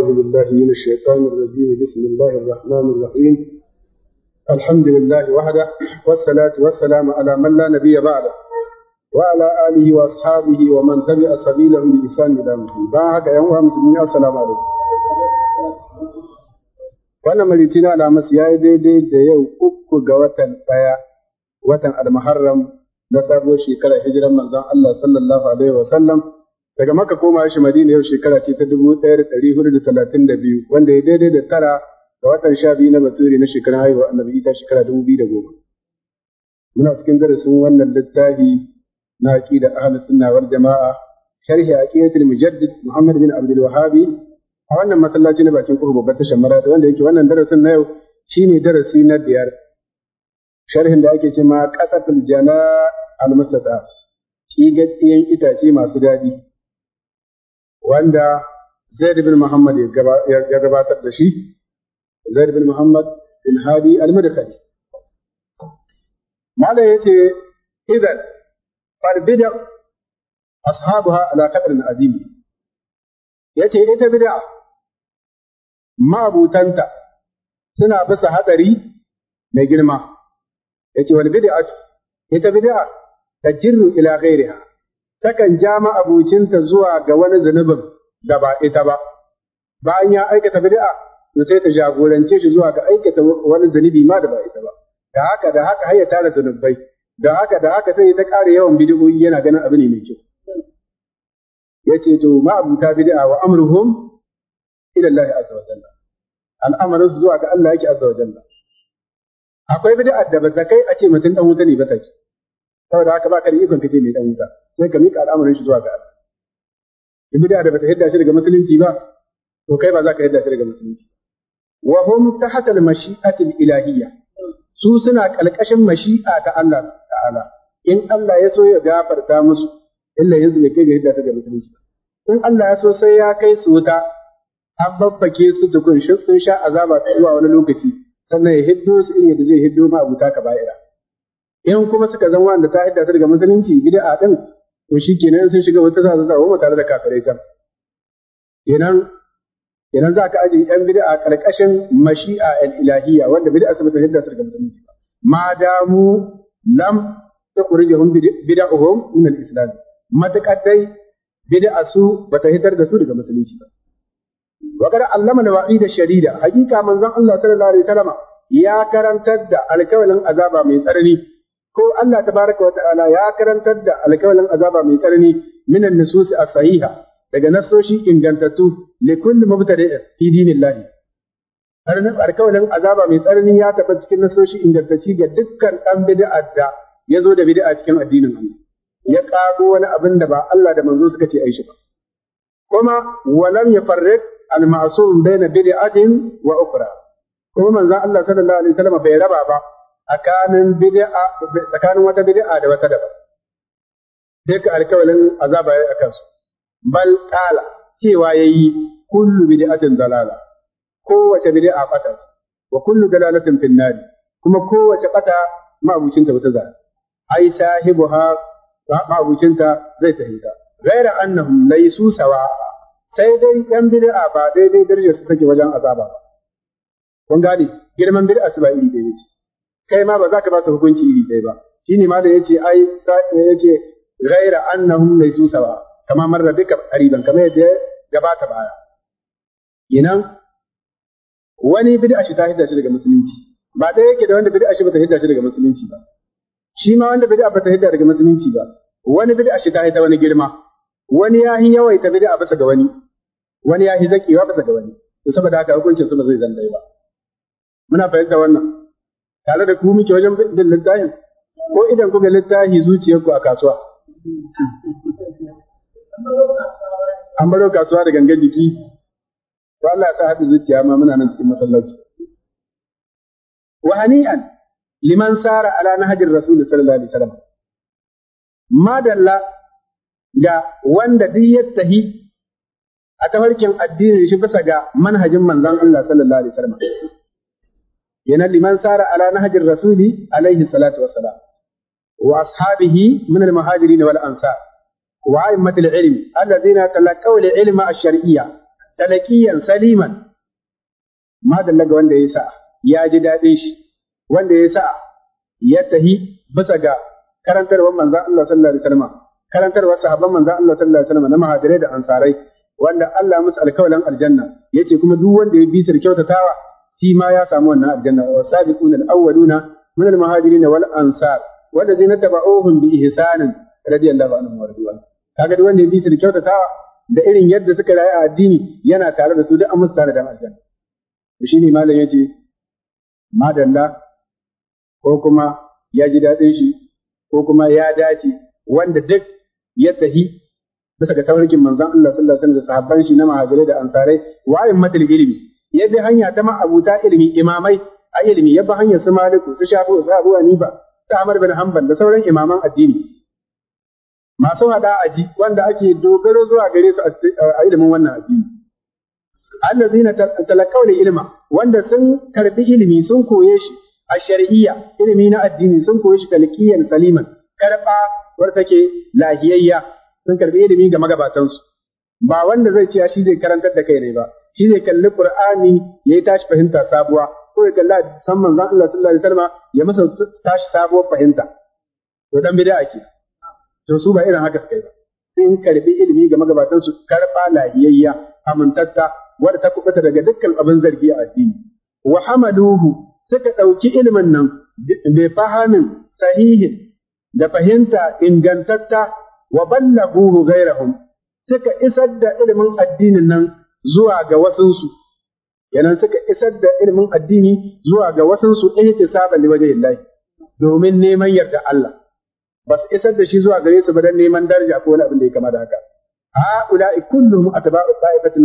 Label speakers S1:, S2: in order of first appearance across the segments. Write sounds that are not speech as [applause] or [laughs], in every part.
S1: أعوذ بالله من الشيطان الرجيم بسم الله الرحمن الرحيم الحمد لله وحده والصلاة والسلام على من لا نبي بعده وعلى آله وأصحابه ومن تبع سبيله بإحسان إلى يوم بعد يوم المسلمين السلام عليكم wannan marici na alamas ya yi daidai da yau uku ga watan ɗaya watan almuharram na sabuwar shekarar hijiran manzon Allah sallallahu alaihi wa sallam daga maka koma shi madina yau shekara ce ta dubu ɗaya da ɗari hudu da talatin da biyu wanda ya daidai da tara da watan sha biyu na baturi na shekarar haihuwa annabi ita shekara dubu biyu da goma muna cikin darasin wannan littafi na aqida ahlus sunna wal jamaa sharhi aqidatul mujaddid muhammad bin abdul wahhabi a wannan masallaci na bakin kurbu babbar tashar marada wanda yake wannan darasin na yau shine darasi na biyar sharhin da ake ce ma qasatul jana al mustata kigatsiyan itace masu daɗi wanda Zaid bin Muhammad ya gabatar da shi Zaid bin Muhammad bin Hadi al-Madkhali Malam yace idan fal bid'a
S2: ashabuha ala qadrin Ya ce ita bid'a
S1: mabutanta suna bisa hadari mai girma Ya yace wal bid'a ita bid'a tajirru ila ghairiha takan ja ma'abucinta zuwa ga wani zunubin da ba ita ba. Bayan ya aikata bid'a, to sai ta jagorance shi zuwa ga aikata wani zunubi ma da ba ita ba. Da haka da haka haya tara zunubai, da haka da haka sai ta ƙara yawan bid'o'i yana ganin abu ne mai kyau. Ya ce to ma'abuta bid'a wa amruhum ila Allah azza wa jalla. Al'amarin su zuwa ga Allah yake azza wa jalla. Akwai bid'a da ba zakai a ce mutum dan wuta ne ba take. Saboda haka ba ka da ikon kace mai dan wuta. sai ka miƙa al'amarin shi zuwa ga Allah bid'a da bata hidda shi daga musulunci ba to kai ba za ka hidda shi daga musulunci wa hum tahta al-mashi'ati al-ilahiyya su suna kalkashin mashi'a ta Allah ta'ala in Allah ya so ya gafarta musu illa yanzu ne kai ga hidda ta daga musulunci in Allah ya so sai ya kai su wuta an babbake su tukun shi sun sha azaba zuwa wani lokaci sannan ya hiddo su in yadda zai hiddo ma abuta ka ba'ira in kuma suka zama wanda ta hidda ta daga musulunci gida a ɗin to shi kenan sun shiga wata sa za a tare da kafirai can kenan kenan za ka aje yan bid'a karkashin mashi'a al-ilahiyya wanda bid'a sabata yadda sarka musulunci ma damu lam tukhrijuhum bid'ahum min al-islam Matuƙar dai bid'a su bata hitar da su daga musulunci ba wa kada allama da wa'ida haƙiƙa hakika manzon Allah sallallahu alaihi wasallam ya karantar da alkawalin azaba mai tsanani ko Allah tabaraka wa ta'ala ya karantar da alƙawalin azaba mai tsanani minan nusus as-sahiha daga nassoshi ingantattu li kulli mubtadi'in fi dinillahi Karnin alƙawalin azaba mai tsanani ya taɓa cikin nassoshi ingantacci ga dukkan ɗan bid'a da ya zo da bid'a cikin addinin Allah. Ya ƙaro wani abin da ba Allah da manzo suka ce ai shi ba. Kuma walam ya farrik al-ma'sum baina bid'atin wa ukhra. Kuma manzo Allah sallallahu alaihi wasallam bai raba ba tsakanin bid'a tsakanin wata bid'a da wata daban sai alƙawarin azaba ya akan su bal qala cewa yayi kullu bid'atin dalala kowace bid'a fata wa kullu dalalatin fin nar kuma kowace fata bucinta wata za ai sahibuha bucinta zai fahimta ghaira annahum laysu sawa sai dai yan bid'a ba daidai darajar su take wajen azaba ba kun gane girman bid'a su ba iri ɗaya ce kai ma ba za ka ba su hukunci iri ɗaya ba Shi ne shine ya ce ai yace ghaira annahum laysu sawa kama marra bika qariban kamar yadda gabata baya Inan wani bid'a shi ta hidda shi daga musulunci ba ɗaya yake da wanda bid'a shi ba ta hidda shi daga musulunci ba shi ma wanda bid'a ba ta hidda daga musulunci ba wani bid'a shi ta hidda wani girma wani ya hi yawaita bid'a bisa ga wani wani ya hi zakewa bisa ga wani to saboda haka hukuncin su ba zai zan ba muna fahimta wannan tare da ku muke wajen bin littafin ko idan kuka littafi zuciyar ku a kasuwa an baro kasuwa da gangan jiki to Allah ta haɗu zuciya ma muna nan cikin masallaci wa hani'an liman sara ala nahjir rasul sallallahu alaihi wasallam madalla da wanda duk ya tahi a tafarkin addinin shi bisa ga manhajin manzon Allah sallallahu alaihi wasallam kenan liman sara ala nahjir rasuli alaihi salatu wassalam wa ashabihi min al muhajirin wal ansar wa a'immatil ilm alladhina talaqaw al ilma ash shar'iyya talaqiyan saliman madalla ga wanda ya sa ya ji daɗin shi wanda ya sa ya tahi bisa ga karantarwar manzon Allah sallallahu alaihi wasallam na muhajirai da ansarai wanda Allah musu alkawalan aljanna ce kuma duk wanda ya bi sir kyautatawa shi ma ya samu wannan aljanna wa sabiquna al-awwaluna min al-muhajirin wal ansar walladhina tabauhum bi ihsanin radiyallahu anhum wa radwan kaga duk wanda ya bi su da kyautatawa da irin yadda suka rayu a addini yana tare da su duk an musu tare da aljanna to shine malam yace madalla ko kuma ya ji daɗin shi ko kuma ya dace wanda duk ya tahi bisa ga tawarkin manzon Allah sallallahu alaihi wasallam da sahabban shi na mahajirai da ansarai wa'in matal ilimi ya hanya ta ma'abuta ilimi imamai a ilimi ya bi hanyar su maliku su shafi su abu hanifa su amar bin hanbal da sauran imaman addini masu hada aji wanda ake dogaro zuwa gare su a ilimin wannan addini allazina talakaw ilma wanda sun karbi ilimi sun koye shi a shar'iyya ilimi na addini sun koye shi talqiyan saliman karba war take lahiyayya sun karbi ilimi ga magabatansu ba wanda zai ce shi zai karantar da kai ne ba shi ne kalli Qur'ani ya yi tashi fahimta sabuwa ko ya kalli san manzon Allah sallallahu alaihi wasallam ya masa tashi sabuwar fahimta to dan bid'a ke to su ba irin haka suka yi ba sun karbi ilimi ga magabatan su karba lahiyayya amintatta wadda ta kubuta daga dukkan abin zargi a addini wa hamaduhu suka ɗauki ilimin nan bai fahamin sahihin da fahimta ingantatta wa ballaguhu ghairahum suka isar da ilimin addinin nan zuwa ga wasansu yanan suka isar da ilimin addini zuwa ga wasunsu ihtisaban liwajhillahi domin neman yarda Allah ba su isar da shi zuwa gare su ba dan neman daraja ko wani abin da ya kama da haka a ulai kulluhum atba'u qa'ifatin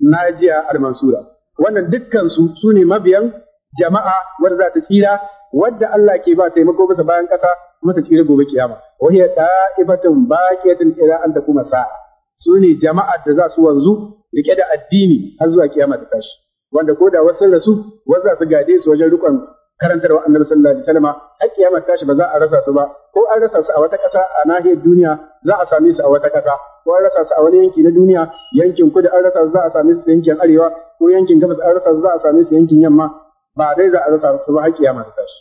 S1: najiya al-mansura wannan dukkan su sune mabiyan jama'a wadda za ta tsira wadda Allah ke ba taimako bisa bayan kasa ta tsira gobe kiyama wa hiya ke tun ila an takuma sa'a sune jama'ar da za su wanzu rike da addini har zuwa kiyama ta tashi wanda ko da wasu rasu wasu su gade su wajen rikon wa annabi sallallahu alaihi wasallam har kiyama ta tashi ba za a rasa su ba ko an rasa su a wata kasa a nahiyar duniya za a same su a wata ƙasa ko an rasa su a wani yanki na duniya yankin kudu an rasa su za a same su yankin arewa ko yankin gabas an rasa su za a same su yankin yamma ba dai za a rasa su ba har kiyama ta tashi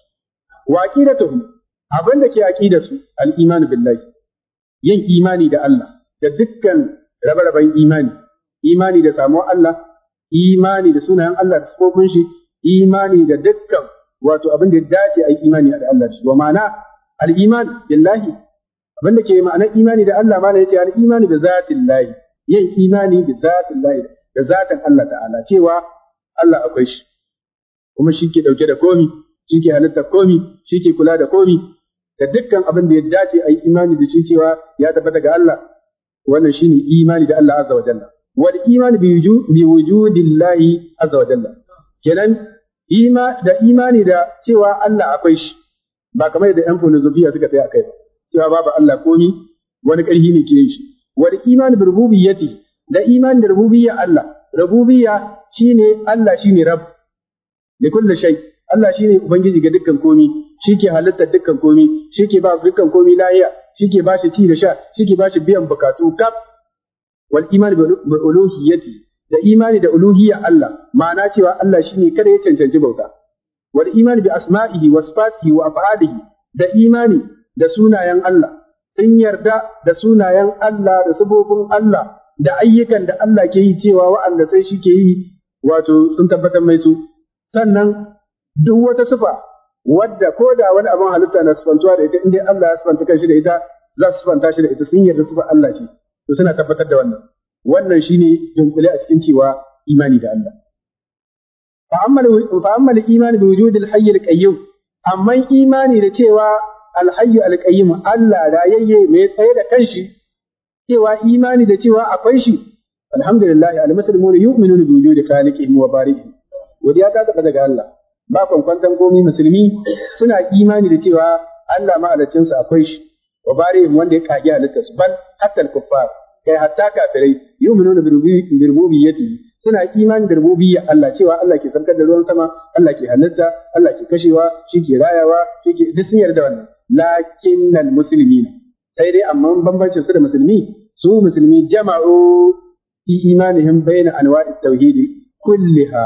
S1: wa aqidatuhum abin da ke su al-iman billahi yin imani da Allah da dukkan rabe-raben imani imani da samo Allah imani da sunayen Allah da sifofin shi imani da dukkan wato abin da ya dace a imani da Allah shi wa ma'ana al billahi abin da ke ma'anar imani da Allah mana ya ce al'imani da zatin lahi yin imani da zatin lahi da zatin Allah ta'ala cewa Allah akwai shi kuma shi ke ɗauke da komi shi ke halitta komi shi ke kula da komi da dukkan abin da ya dace a yi imani da shi cewa ya tabbata ga Allah wannan shi ne imani da Allah azza wa jalla wal imani bi wujudillahi azza wa jalla kenan ima da imani da cewa Allah akwai shi ba kamar da yan filosofiya suka tsaya kai ba cewa babu Allah komi wani ƙarfi ne ke yin shi wal imani bi rububiyyati da imani da rububiyya Allah rububiyya shine Allah shine rabb da kullu shay Allah shine ubangiji ga dukkan komi shike halittar dukkan komi shike ba dukkan komi lahiya shike ba shi ci da sha shike ba shi biyan bukatu kaf wal imani bil uluhiyyati da imani da uluhiyya Allah ma'ana cewa Allah shine kada ya cancanci bauta wal imani bi asma'ihi wa sifatihi wa af'alihi da imani da sunayen Allah in yarda da sunayen Allah da sabobin Allah da ayyukan da Allah ke yi cewa wa'anda sai shi ke yi wato sun tabbatar mai su sannan duk wata sufa wadda ko da wani abin halitta na sufantuwa da ita in dai Allah ya sufanta kanshi da ita za su sufanta shi da ita sun yarda sufa Allah ce to suna tabbatar da wannan wannan shine dunkule a cikin cewa imani da Allah fa amma iman bi wujud al-hayy al-qayyum amma imani da cewa al-hayy al-qayyum Allah rayayye mai tsaye da kanshi cewa imani da cewa akwai shi alhamdulillah al-muslimuna yu'minuna bi wujud khaliqihim wa bari'ihim godiya ta tabbata ga Allah ba kwankwantan komi musulmi suna imani da cewa Allah mahaliccinsa akwai shi wa barihim wanda ya kage halittarsu bal hatta al-kuffar kai hatta kafirai yu'minuna bi rububiyyati suna iman da rububiyya Allah cewa Allah ke sarkar da ruwan sama Allah ke halitta Allah ke kashewa shi ke rayawa shi ke duk sun yarda wannan lakinnal muslimina sai dai amma bambancin su da musulmi su musulmi jama'u fi imanihim bayna anwa'it tauhid kulliha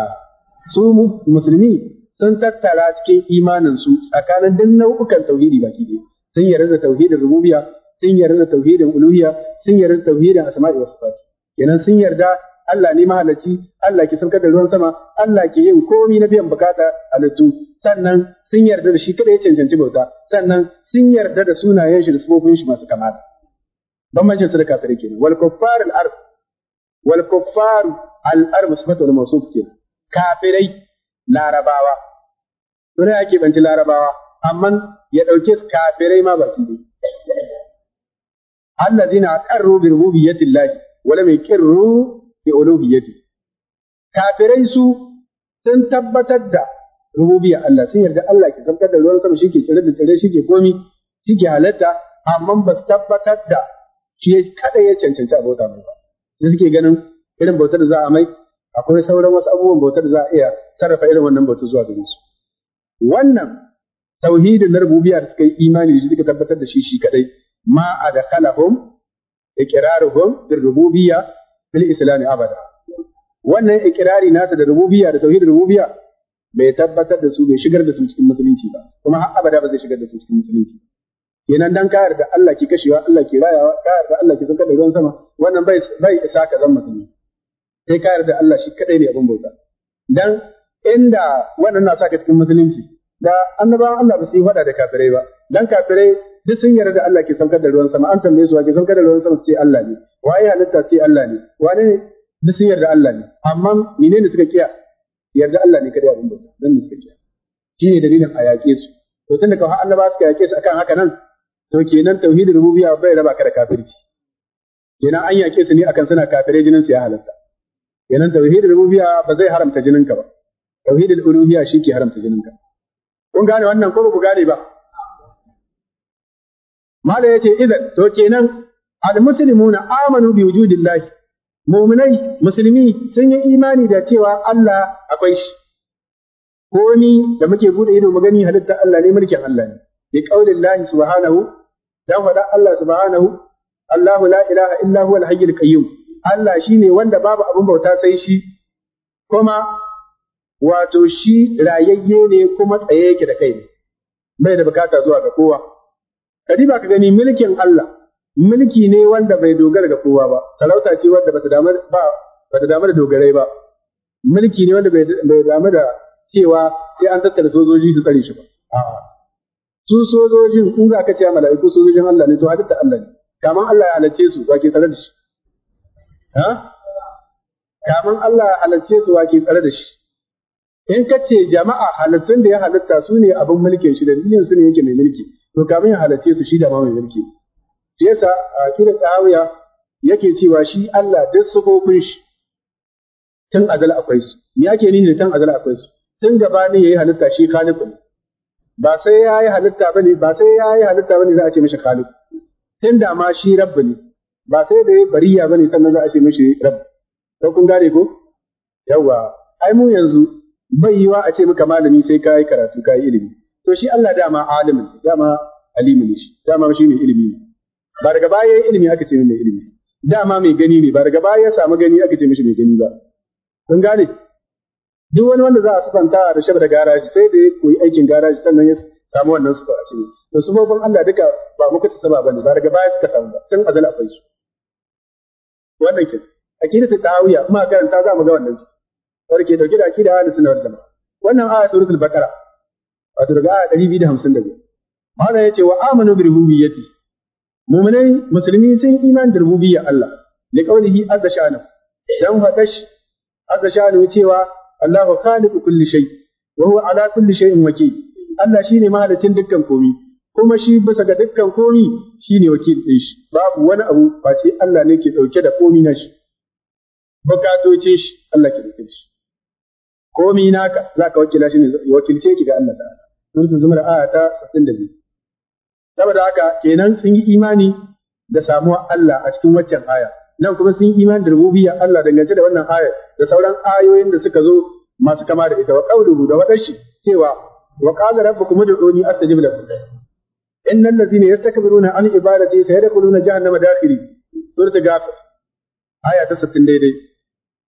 S1: su musulmi sun tattara cikin imanin su tsakanin duk nau'ukan tauhidi baki ɗaya sun yarda da tauhidin rububiyya sun yarda da tauhidin uluhiyya sun yarda da tauhidin asma'i wa sifat kenan sun yarda Allah ne mahalarci, Allah ke saukar da ruwan sama, Allah ke yin komai na biyan bukata halittu, sannan sun yarda da shi kada ya cancanci bauta, sannan sun yarda da sunayen shi da sufofin shi masu kamala. Bambancin su da kafir kenan, wal kuffar al ard wal kuffar al ard sifatu al mawsuf kenan. Kafirai larabawa. Sura yake banci larabawa, amma ya ɗauke kafirai ma baki ne. Allazina qarru bi rububiyyatillahi wa lam yaqirru bi uluhiyyati. Kafirai su sun tabbatar da rububiyyar Allah sun yarda Allah ke tabbatar da ruwan sama shi ke tsire da tsire shi ke komi shi ke halatta amma ba su tabbatar da shi ya kada ya cancanci a bauta mai ba. Da suke ganin irin bautar da za a mai akwai sauran wasu abubuwan bautar da za a iya sarrafa irin wannan bautar zuwa gare su. Wannan tauhidin na rububiyar suka yi imani da suka tabbatar da shi shi kadai ma adkhalahum iqraruhum bir rububiyya bil islam abada wannan iqrari nasa da rububiyya da tauhidin rububiyya bai tabbatar da su bai shigar da su cikin musulunci ba kuma har abada ba zai shigar da su cikin musulunci kenan dan ka yarda Allah ke kashewa Allah ke rayawa ka yarda Allah ke saukar da ruwan sama wannan bai bai isa ka zan musulmi sai ka yarda Allah shi kadai ne abin bauta dan inda wannan na saka cikin musulunci da annabawan Allah ba su yi faɗa da kafirai ba dan kafirai duk sun yarda Allah ke saukar da ruwan sama an tambaye su wa ke saukar da ruwan sama sai Allah ne waye halitta sai Allah ne wane ne duk sun yarda Allah ne amma menene suka kiya yarda Allah ne kada abin da dan ne suka kiya ne dalilin a yaƙe su to tunda kawai annaba suka yaƙe su akan haka nan to kenan tauhidin rububiyya bai raba ka da kafirci kenan an yaƙe su ne akan suna kafirai jinin su ya halatta kenan tauhidin rububiyya ba zai haramta jinin ka ba tauhidin uluhiyya shi ke haramta jinin ka kun gane wannan ko ku gane ba ya yace idan to kenan al muslimuna amanu bi wujudillahi mu'minai musulmi sun yi imani da cewa Allah akwai shi ko ni da muke bude ido mu gani halitta Allah ne mulkin Allah ne bi qaulillahi subhanahu dan faɗa Allah subhanahu Allahu la ilaha illa huwal hayyul qayyum Allah shine wanda babu abun bauta sai shi kuma wato shi rayayye ne kuma tsaye yake da kai ne bai da bukata zuwa ga kowa ba ka gani mulkin Allah mulki ne wanda bai dogara ga kowa ba talauta ce wanda bata damu ba bata damu da dogarai ba mulki ne wanda bai damu da cewa sai an tattara sojoji su tsare shi ba su sojojin in za ka ce mala'iku sojojin Allah ne to hadda Allah ne kaman Allah ya halarce su wa ke tsare da shi ha kaman Allah ya halarce su wa ke tsare da shi in ka ce jama'a halittun da ya halitta su ne abin mulkin shi da niyyar su ne yake mai mulki to kamin ya halarce su shi da ma mai mulki shi yasa a kira tsawiya yake cewa shi Allah duk sufofin shi tun azal akwai su me yake nini tun azal akwai su tun gaba ya yayi halitta shi khaliqu ba sai yayi halitta bane ba sai yayi halitta bane za a ce mishi khaliqu tun da ma shi rabbu ne ba sai da bariya bane sannan za a ce mishi rabu. to kun gane ko yawa ai mu yanzu bai wa a ce maka malami sai ka yi karatu ka yi ilimi to shi Allah dama alimin dama alimin shi dama shi ne ilimi ne ba daga baya yayin ilimi aka ce ne ilimi dama mai gani ne ba daga baya ya samu gani aka ce mishi mai gani ba kun gane duk wani wanda za a sufanta da shabar garaji sai da ya koyi aikin garaji sannan ya samu wannan sufa a cikin to sufofin Allah duka ba muka ta saba bane ba daga baya suka samu ba tun azal akwai su wannan kin ta tawiya kuma karanta za mu ga wannan barke dauke da da ahlus sunna wal jamaa wannan aya suratul baqara wato daga aya 252 malam yace wa amanu bi rububiyyati mu'minai musulmi sun iman da rububiyyar Allah li qawlihi azza sha'anu dan hadash azza sha'anu cewa Allahu khaliqu kulli shay wa huwa ala kulli shay'in wakil Allah shine mahalicin dukkan komi kuma shi bisa ga dukkan komi shine wakil din shi babu wani abu face Allah ne ke dauke da komi na shi bukatocin shi Allah ke dauke shi komi naka za ka wakila shi ne wakilce ki ga Allah ta'ala sun zumar aya ta 62 saboda haka kenan sun yi imani da samuwa Allah a cikin waccan aya nan kuma sun yi imani da rububiyya Allah dangance da wannan aya da sauran ayoyin da suka zo masu kama da ita wa qawluhu da wadashi cewa wa qala rabbukum ud'uni astajib lakum innal ladzina yastakbiruna an ibadati sayadkhuluna jahannama dakhiri suratul ghafir aya ta 60 daidai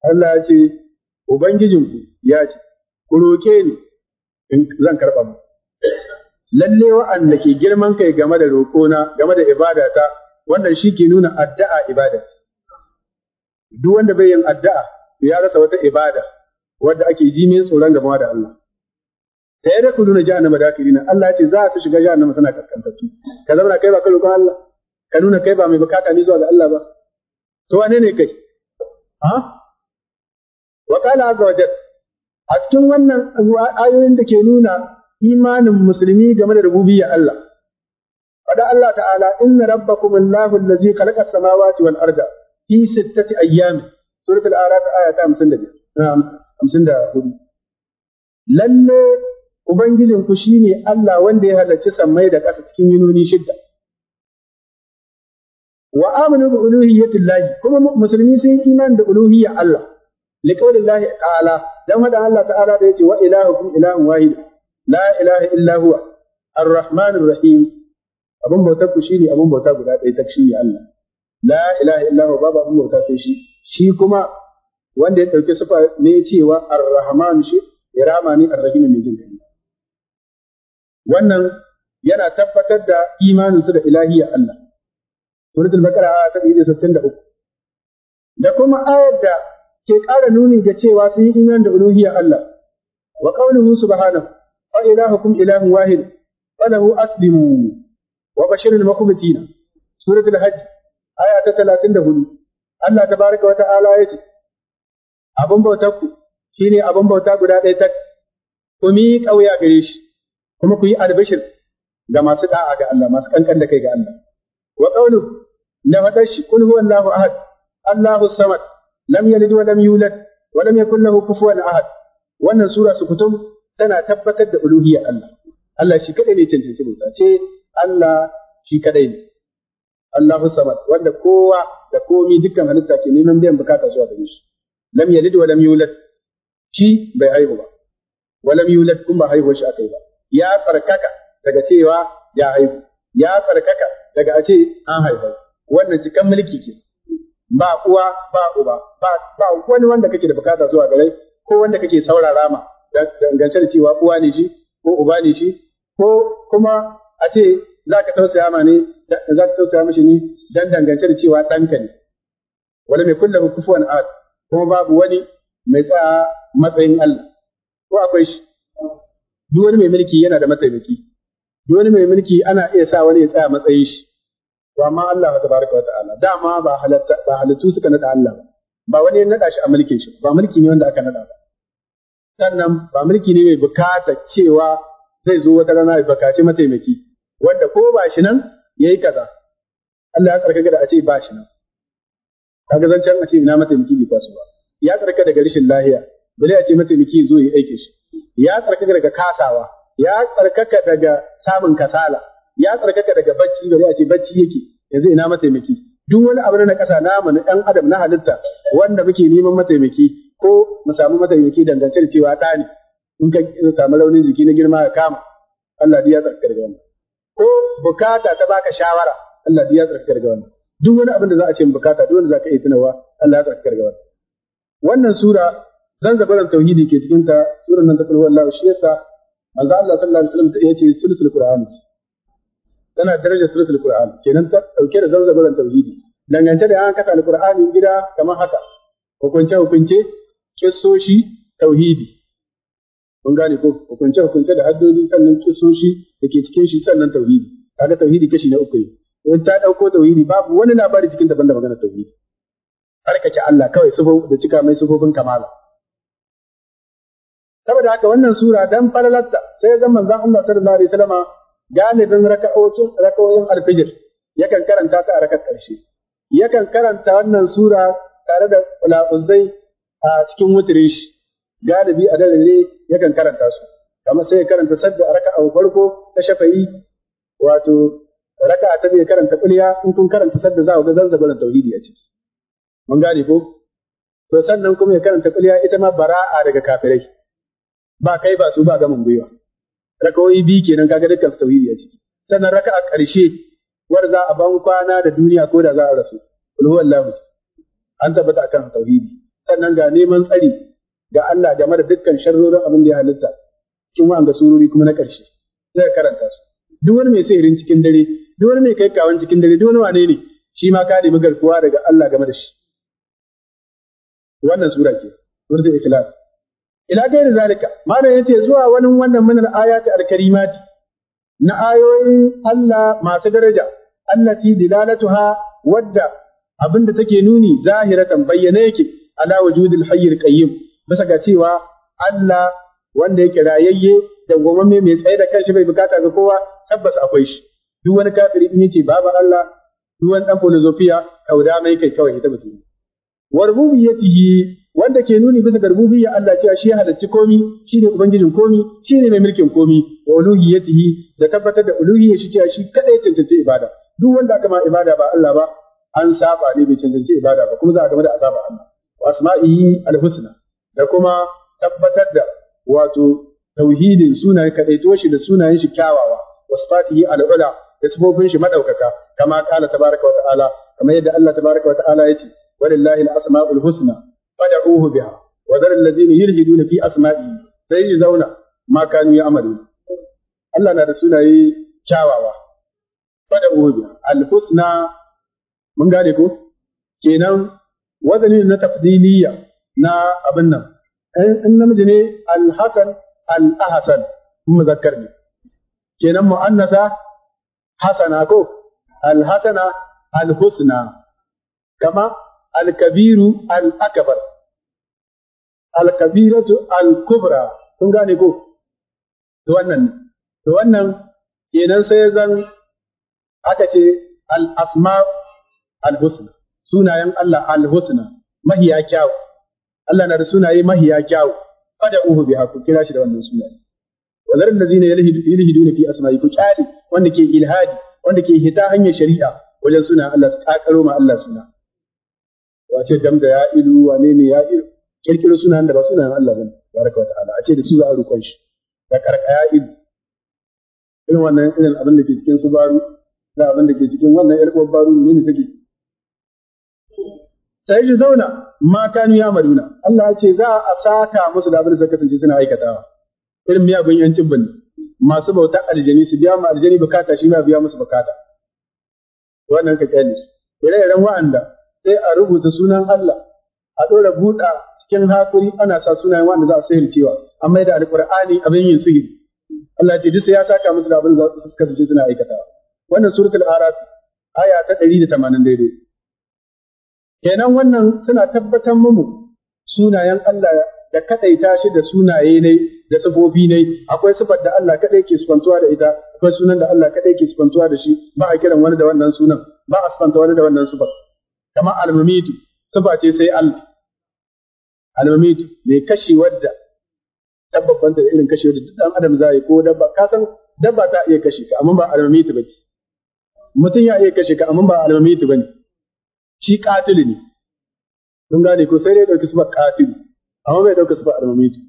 S1: Allah ya ce Ubangijinku ya ce, Ku roke ni in zan karɓa mu. Lalle wa'anda ke girman kai game da roƙona, game da ibadata, wannan shi ke nuna addu'a ibada. Duk wanda bai yin addu'a ya rasa wata ibada wadda ake ji mai tsoron gaba da Allah. Ta yadda ku nuna jahannama da aka rina, Allah ce za ta shiga jahannama tana kaskantattu. Ka zama kai ba ka roƙon Allah, ka nuna kai ba mai bukata ne zuwa ga Allah ba. To wane ne kai? Ha? wa qala a cikin wannan ayoyin da ke nuna imanin musulmi game da rububiyyar Allah faɗa Allah ta'ala inna rabbakum Allahu allazi khalaqa samawati wal arda fi sittati ayyam suratul araf aya ta 54 lalle ubangijin ku shine Allah wanda ya halarci sammai da ƙasa cikin yinoni shidda wa amanu bi uluhiyyatillahi kuma musulmi sun iman da uluhiyyar Allah liqawli Allah ta'ala dan hada Allah ta'ala da yace wa ilahukum wahid la ilaha illa huwa rahim abun bauta ku shine abun bauta guda ɗaya ta shine Allah la ilaha illa huwa babu abun bauta sai shi kuma wanda ya dauki sifa cewa shi wannan yana tabbatar da imaninsu da ilahiyar Allah. Suratul Baqara ta 163. Da kuma ayar da ke ƙara nuni ga cewa sun yi iman da uluhiyar Allah wa qawluhu subhanahu wa ilahukum ilahun wahid wa lahu aslimu wa bashiril muqmitina suratul hajj aya ta 34 Allah tabaraka wa ta'ala yace abun bautar ku shine abun bauta guda ɗaya ta, ku mi kauya gare shi kuma ku yi albashir ga masu da'a ga Allah masu kankan da kai ga Allah wa qawluhu na kun huwa Allahu ahad Allahu samad lam yalid wa lam yulad wa lam yakul lahu kufuwan ahad wannan sura su kutum tana tabbatar da uluhiyyar Allah Allah shi kadai ne cancanci bauta ce Allah shi kadai ne Allahu samad wanda kowa da komi dukkan halitta ke neman biyan bukata zuwa gare shi lam yalid wa lam yulad shi bai haihu ba wa lam yulad kuma haihuwar shi akai ba ya tsarkaka daga cewa ya haihu ya tsarkaka daga a ce an haihu wannan cikan mulki ke ba uwa ba uba ba ba wani wanda kake da bukata zuwa gare ko wanda kake saurara ma dangance da cewa uwa ne shi ko uba ne shi ko kuma a ce za ka tausaya ma ne za ka tausaya mishi ne dan dangance da cewa ɗanka ne wala mai kullu kufuwan at, kuma babu wani mai tsaya matsayin Allah ko akwai shi duk wani mai mulki yana da mataimaki duk wani mai mulki ana iya sa wani ya tsaya matsayin shi to amma Allah Ta baraka wa ta'ala dama ba halatta ba halittu suka nada Allah ba Ba wani ya nada shi a mulkin shi ba mulki ne wanda aka nada ba sannan ba mulki ne mai bukata cewa zai zo wata rana ya bukaci mataimaki wanda ko ba shi nan yayi kaza Allah ya tsarkaka da a ce ba shi nan kaga zancen a ce ina mataimaki bai kwasu ba ya tsarkaka daga rashin lahiya bale a ce mataimaki zo ya aikin shi ya tsarkaka daga kasawa ya tsarkaka daga samun kasala ya tsarkaka daga bacci bari a ce bacci yake yanzu ina mataimaki duk wani abu na kasa namu na dan adam na halitta wanda muke neman mataimaki ko mu samu mataimaki dangantar cewa ɗa ne in ka samu launin jiki na girma ka kama Allah ya tsarkaka daga wannan ko bukata ta baka shawara Allah ya tsarkaka daga wannan duk wani abin da za a ce bukata duk wanda za ka iya tunawa Allah ya tsarkaka daga wannan wannan sura zanzabaran tauhidi ke cikin ta suran nan ta kullu wallahu shi yasa manzo Allah sallallahu alaihi wasallam ya ce sulsul qur'ani tana daraja suratul qur'an kenan ta dauke da zanzabaran tauhidi dangance da an kasa alqur'ani gida kamar haka hukunce hukunce kissoshi tauhidi kun gane ko hukunce hukunce da haddodi sannan kissoshi da ke cikin shi sannan tauhidi kaga tauhidi kashi na uku ne in ta dauko tauhidi babu wani labari cikin daban da magana tauhidi tsarkake Allah kawai sufo da cika mai sufofin kamala saboda haka wannan sura dan falalatta sai zan manzon Allah sallallahu alaihi wasallama galibin raka'o'in raka'o'in alfijir yakan karanta ta a rakar ƙarshe yakan karanta wannan sura tare da ula'uzai a cikin wutirin shi galibi a dalile yakan karanta su kamar sai ya karanta sadda a raka'a farko ta shafa'i wato raka'a ta bai karanta kulliya in kun karanta sadda za ku ga zanzabar tauhidi a ciki mun gane ko to sannan kuma ya karanta kulliya ita ma bara'a daga kafirai ba kai ba su ba gamin gwiwa rakawoyi biyu kenan kaga dukkan tauhidi a ciki sannan raka a ƙarshe war za a ban kwana da duniya ko da za a rasu kul Lamu, an tabbata akan tauhidi sannan ga neman tsari ga Allah game da dukkan sharrorin abin da ya halitta cikin ga sururi kuma na ƙarshe zai karanta su duk wani mai sihirin cikin dare duk wani mai kai kawon cikin dare duk wani wane ne shi ma ka nemi garkuwa daga Allah game da shi wannan sura ke suratul ikhlas ila gairi zalika malam yace zuwa wani wannan min al-ayati na ayoyin Allah masu daraja allati dilalatuha wadda abinda take nuni zahiratan bayyana yake ala wujudil hayyil qayyim bisa ga cewa Allah wanda yake rayayye da gwamnati mai tsaye da kanshi bai bukata ga kowa tabbas akwai shi duk wani kafiri in yace babu Allah duk wani dan filosofiya kauda mai kai kawai ita mutum wa wanda ke nuni bisa garbubiyya Allah cewa shi ya halarci komi shi ne ubangijin komi shi ne mai mulkin komi wa uluhiyyatihi da tabbatar da uluhiyya shi cewa shi kadai cancanci ibada duk wanda aka ma ibada ba Allah ba an saba ne bai cancanci ibada ba kuma za a game da azaba Allah wa asma'ihi alhusna da kuma tabbatar da wato tauhidin sunaye kadaito shi da sunayen shi kyawawa wa sifatihi al'ula da sifofin shi madaukaka kama kala tabaraka wa ta'ala kamar yadda Allah tabaraka wa ta'ala yace walillahi al-asma'ul husna fada'uhu biha wa dhar allazina yulhiduna fi asma'i sai ya zauna ma kanu ya
S2: Allah
S1: na da sunaye kyawawa fada'uhu biha al-husna mun gane ko kenan wazani na tafdiliya na abin nan eh, in namiji ne al-hasan al muzakkar kenan mu'annasa hasana ko al-hasana kama alkabiru al'akabar, alkabiratu al-kubra, kun gane ko, da wannan, da wannan kenan sai zan aka ce al'asma al-husna, sunayen Allah al-husna, mahiya kyawu, Allah na da sunaye mahiya kyawu, fada uhu bi haku kira shi da wannan sunaye. Wazar da zina yalhiduna fi asma'i ku kyale wanda ke ilhadi, wanda ke hita hanyar shari'a wajen suna Allah, ta ma Allah suna. wace dam da ya ilu wane ne ya ilu kirkiro suna da ba suna Allah bane baraka ta'ala a ce da su za a roƙon shi da karka ya ilu irin wannan irin abin da ke cikin su baru da abin da ke cikin wannan yar uwar baru ne ne take sai ji zauna ma kanu ya maruna Allah ya ce za a saka musu da abin da suka kasance suna aikatawa irin miyagun yancin bane masu bautar aljani su biya ma aljani bukata shi ma biya musu bukata wannan ka kyale su ire-iren wa'anda sai a rubuta sunan Allah a ɗora buɗa cikin hakuri ana sa sunayen wanda za a sihircewa amma da alqur'ani abin yin sihiri Allah ce duk ya saka musu da abin da suka ji suna aikata wannan suratul araf aya ta 182 daidai kenan wannan suna tabbatar mu sunayen Allah da kadaita shi da sunaye ne da sabobi ne akwai sifar da Allah kadai ke sufantuwa da ita akwai sunan da Allah kadai ke sufantuwa da shi ba a kiran wani da wannan sunan ba a sufanta wani da wannan sifar kamar almamitu sifa ce sai Allah almamitu mai kashi wadda dabban da irin kashi wadda dan adam za yi ko dabba ka san dabba ta iya kashi ka amma ba almamitu bane mutum ya iya kashi ka amma ba almamitu bane shi katili ne kun gane ko sai dai dauki ba katili amma bai dauka sifar almamitu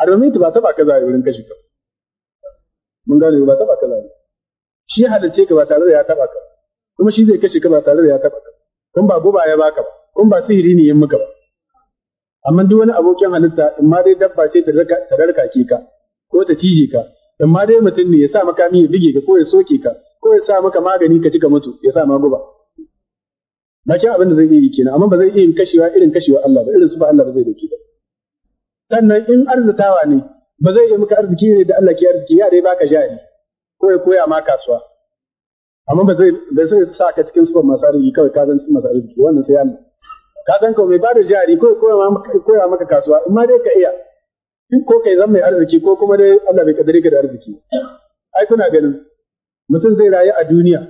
S1: almamitu ba ta ba kaza yi wurin kashi ka mun gane ba ta ba kaza shi halice ka ba tare da ya taba ka kuma shi zai kashe ka ba tare da ya taba ka kun ba guba ya baka ba kun ba sihiri ne yin maka ba amma duk wani abokin halitta in ma dai dabba ce ta rarka ke ka ko ta cije ka in ma dai mutum ne ya sa makami ya bige ka ko ya soke ka ko ya sa maka magani ka cika mutu ya sa ma guba bakin abin da zai iya kenan amma ba zai iya kashewa irin kashewa Allah ba irin su ba Allah ba zai dauke ba sannan in arzitawa ne ba zai iya maka arziki ne da Allah ke arziki ya dai baka jari ko ya koya ma kasuwa amma ba zai ba zai sa ka cikin sufan masu arziki kawai ka zan cikin masu arziki wannan sai Allah ka san kawai mai bada jari ko koya maka kasuwa in ma dai ka iya ko kai zan mai arziki ko kuma dai Allah bai kadare ka da arziki ai kuna ganin mutum zai rayu a duniya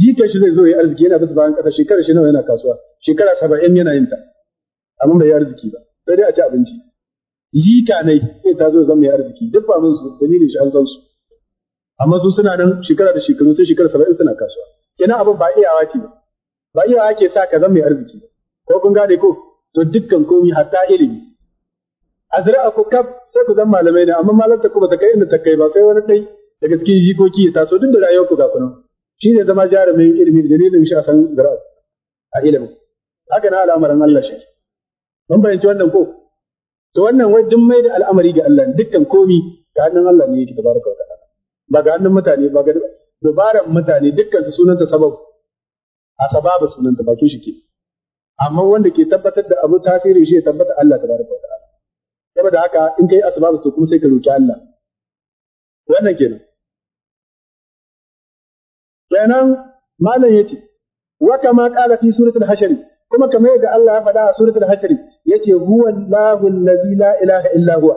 S1: jikin shi zai zo ya arziki yana bisa bayan kasa shekara shi nawa yana kasuwa shekara saba'in yana yin ta amma bai yi arziki ba sai dai a ci abinci jika ne sai ta zo zan mai arziki duk ba mun su dalilin shi an san su amma su suna nan shekara da shekaru sai shekara saba'in suna kasuwa kenan abin ba iyawa ce ba iyawa ke sa ka zama mai arziki ko kun gane ko to dukkan komi hatta ilimi azra'a ku kaf sai ku zama malamai ne amma malamta ku ba ta kai inda ta kai ba sai wani dai daga cikin jikoki ya taso duk da rayuwar ku ga kunan shi ne zama jarumin ilimi da dalilin shi a san zara'a a ilimin haka na al'amarin Allah shi mun bayyanci wannan ko to wannan wajen mai da al'amari ga Allah dukkan komi ga hannun Allah ne yake tabaraka wa ta'ala ba ga hannun mutane ba ga dubaran mutane dukkan sunanta sababu a sababu sunanta bakin shi ke amma wanda ke tabbatar da abu tasiri shi ya tabbata Allah tabaraka wa ta'ala saboda haka in kai asbabu to kuma sai ka roki Allah wannan kenan kenan malam yace wa kama qala fi suratul hashr kuma kamar yadda Allah ya faɗa a suratul hashr yace huwa Allahu allazi la ilaha illa huwa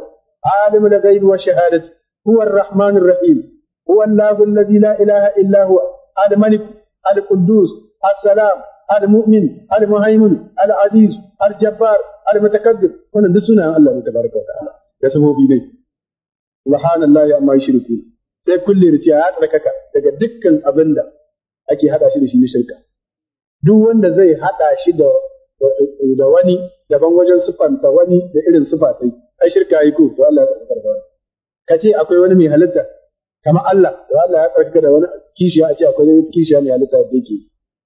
S1: alimul ghaibi wash shahadati huwa ar-rahmanur rahim هو الله الذي لا إله إلا هو الملك القدوس السلام المؤمن المهيمن العزيز الجبار المتكبر wannan duk sunayen Allah ne tabaraka wataala da sabobi ne subhanallahi amma sai kulle da ya tsarkaka daga dukkan abin da ake hada shi da shi shirka duk wanda zai hada shi da da wani daban wajen sufanta wani da irin sufatai ai shirka yi ko to Allah ya tsarkaka ka ce akwai wani mai halitta kamar Allah da Allah ya karkata da wani kishiya a ce akwai kishiya mai halitta da yake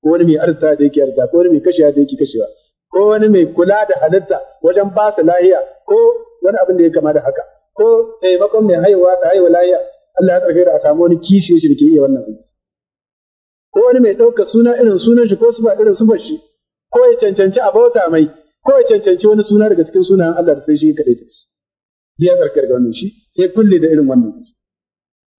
S1: ko wani mai arsa da yake arsa ko wani mai kashiya da yake kashewa ko wani mai kula da halitta wajen ba su lahiya ko wani abin da ya kama da haka ko taimakon mai haihuwa da haihuwa lahiya Allah ya karkata da a samu wani kishiya shi da ke iya wannan abin ko wani mai ɗaukar suna irin sunan shi ko ba irin sufar shi ko ya cancanci a bauta mai ko ya cancanci wani suna daga cikin sunayen Allah da sai shi kaɗai da shi. Biya tsarkar ga wannan shi, sai kulle da irin wannan.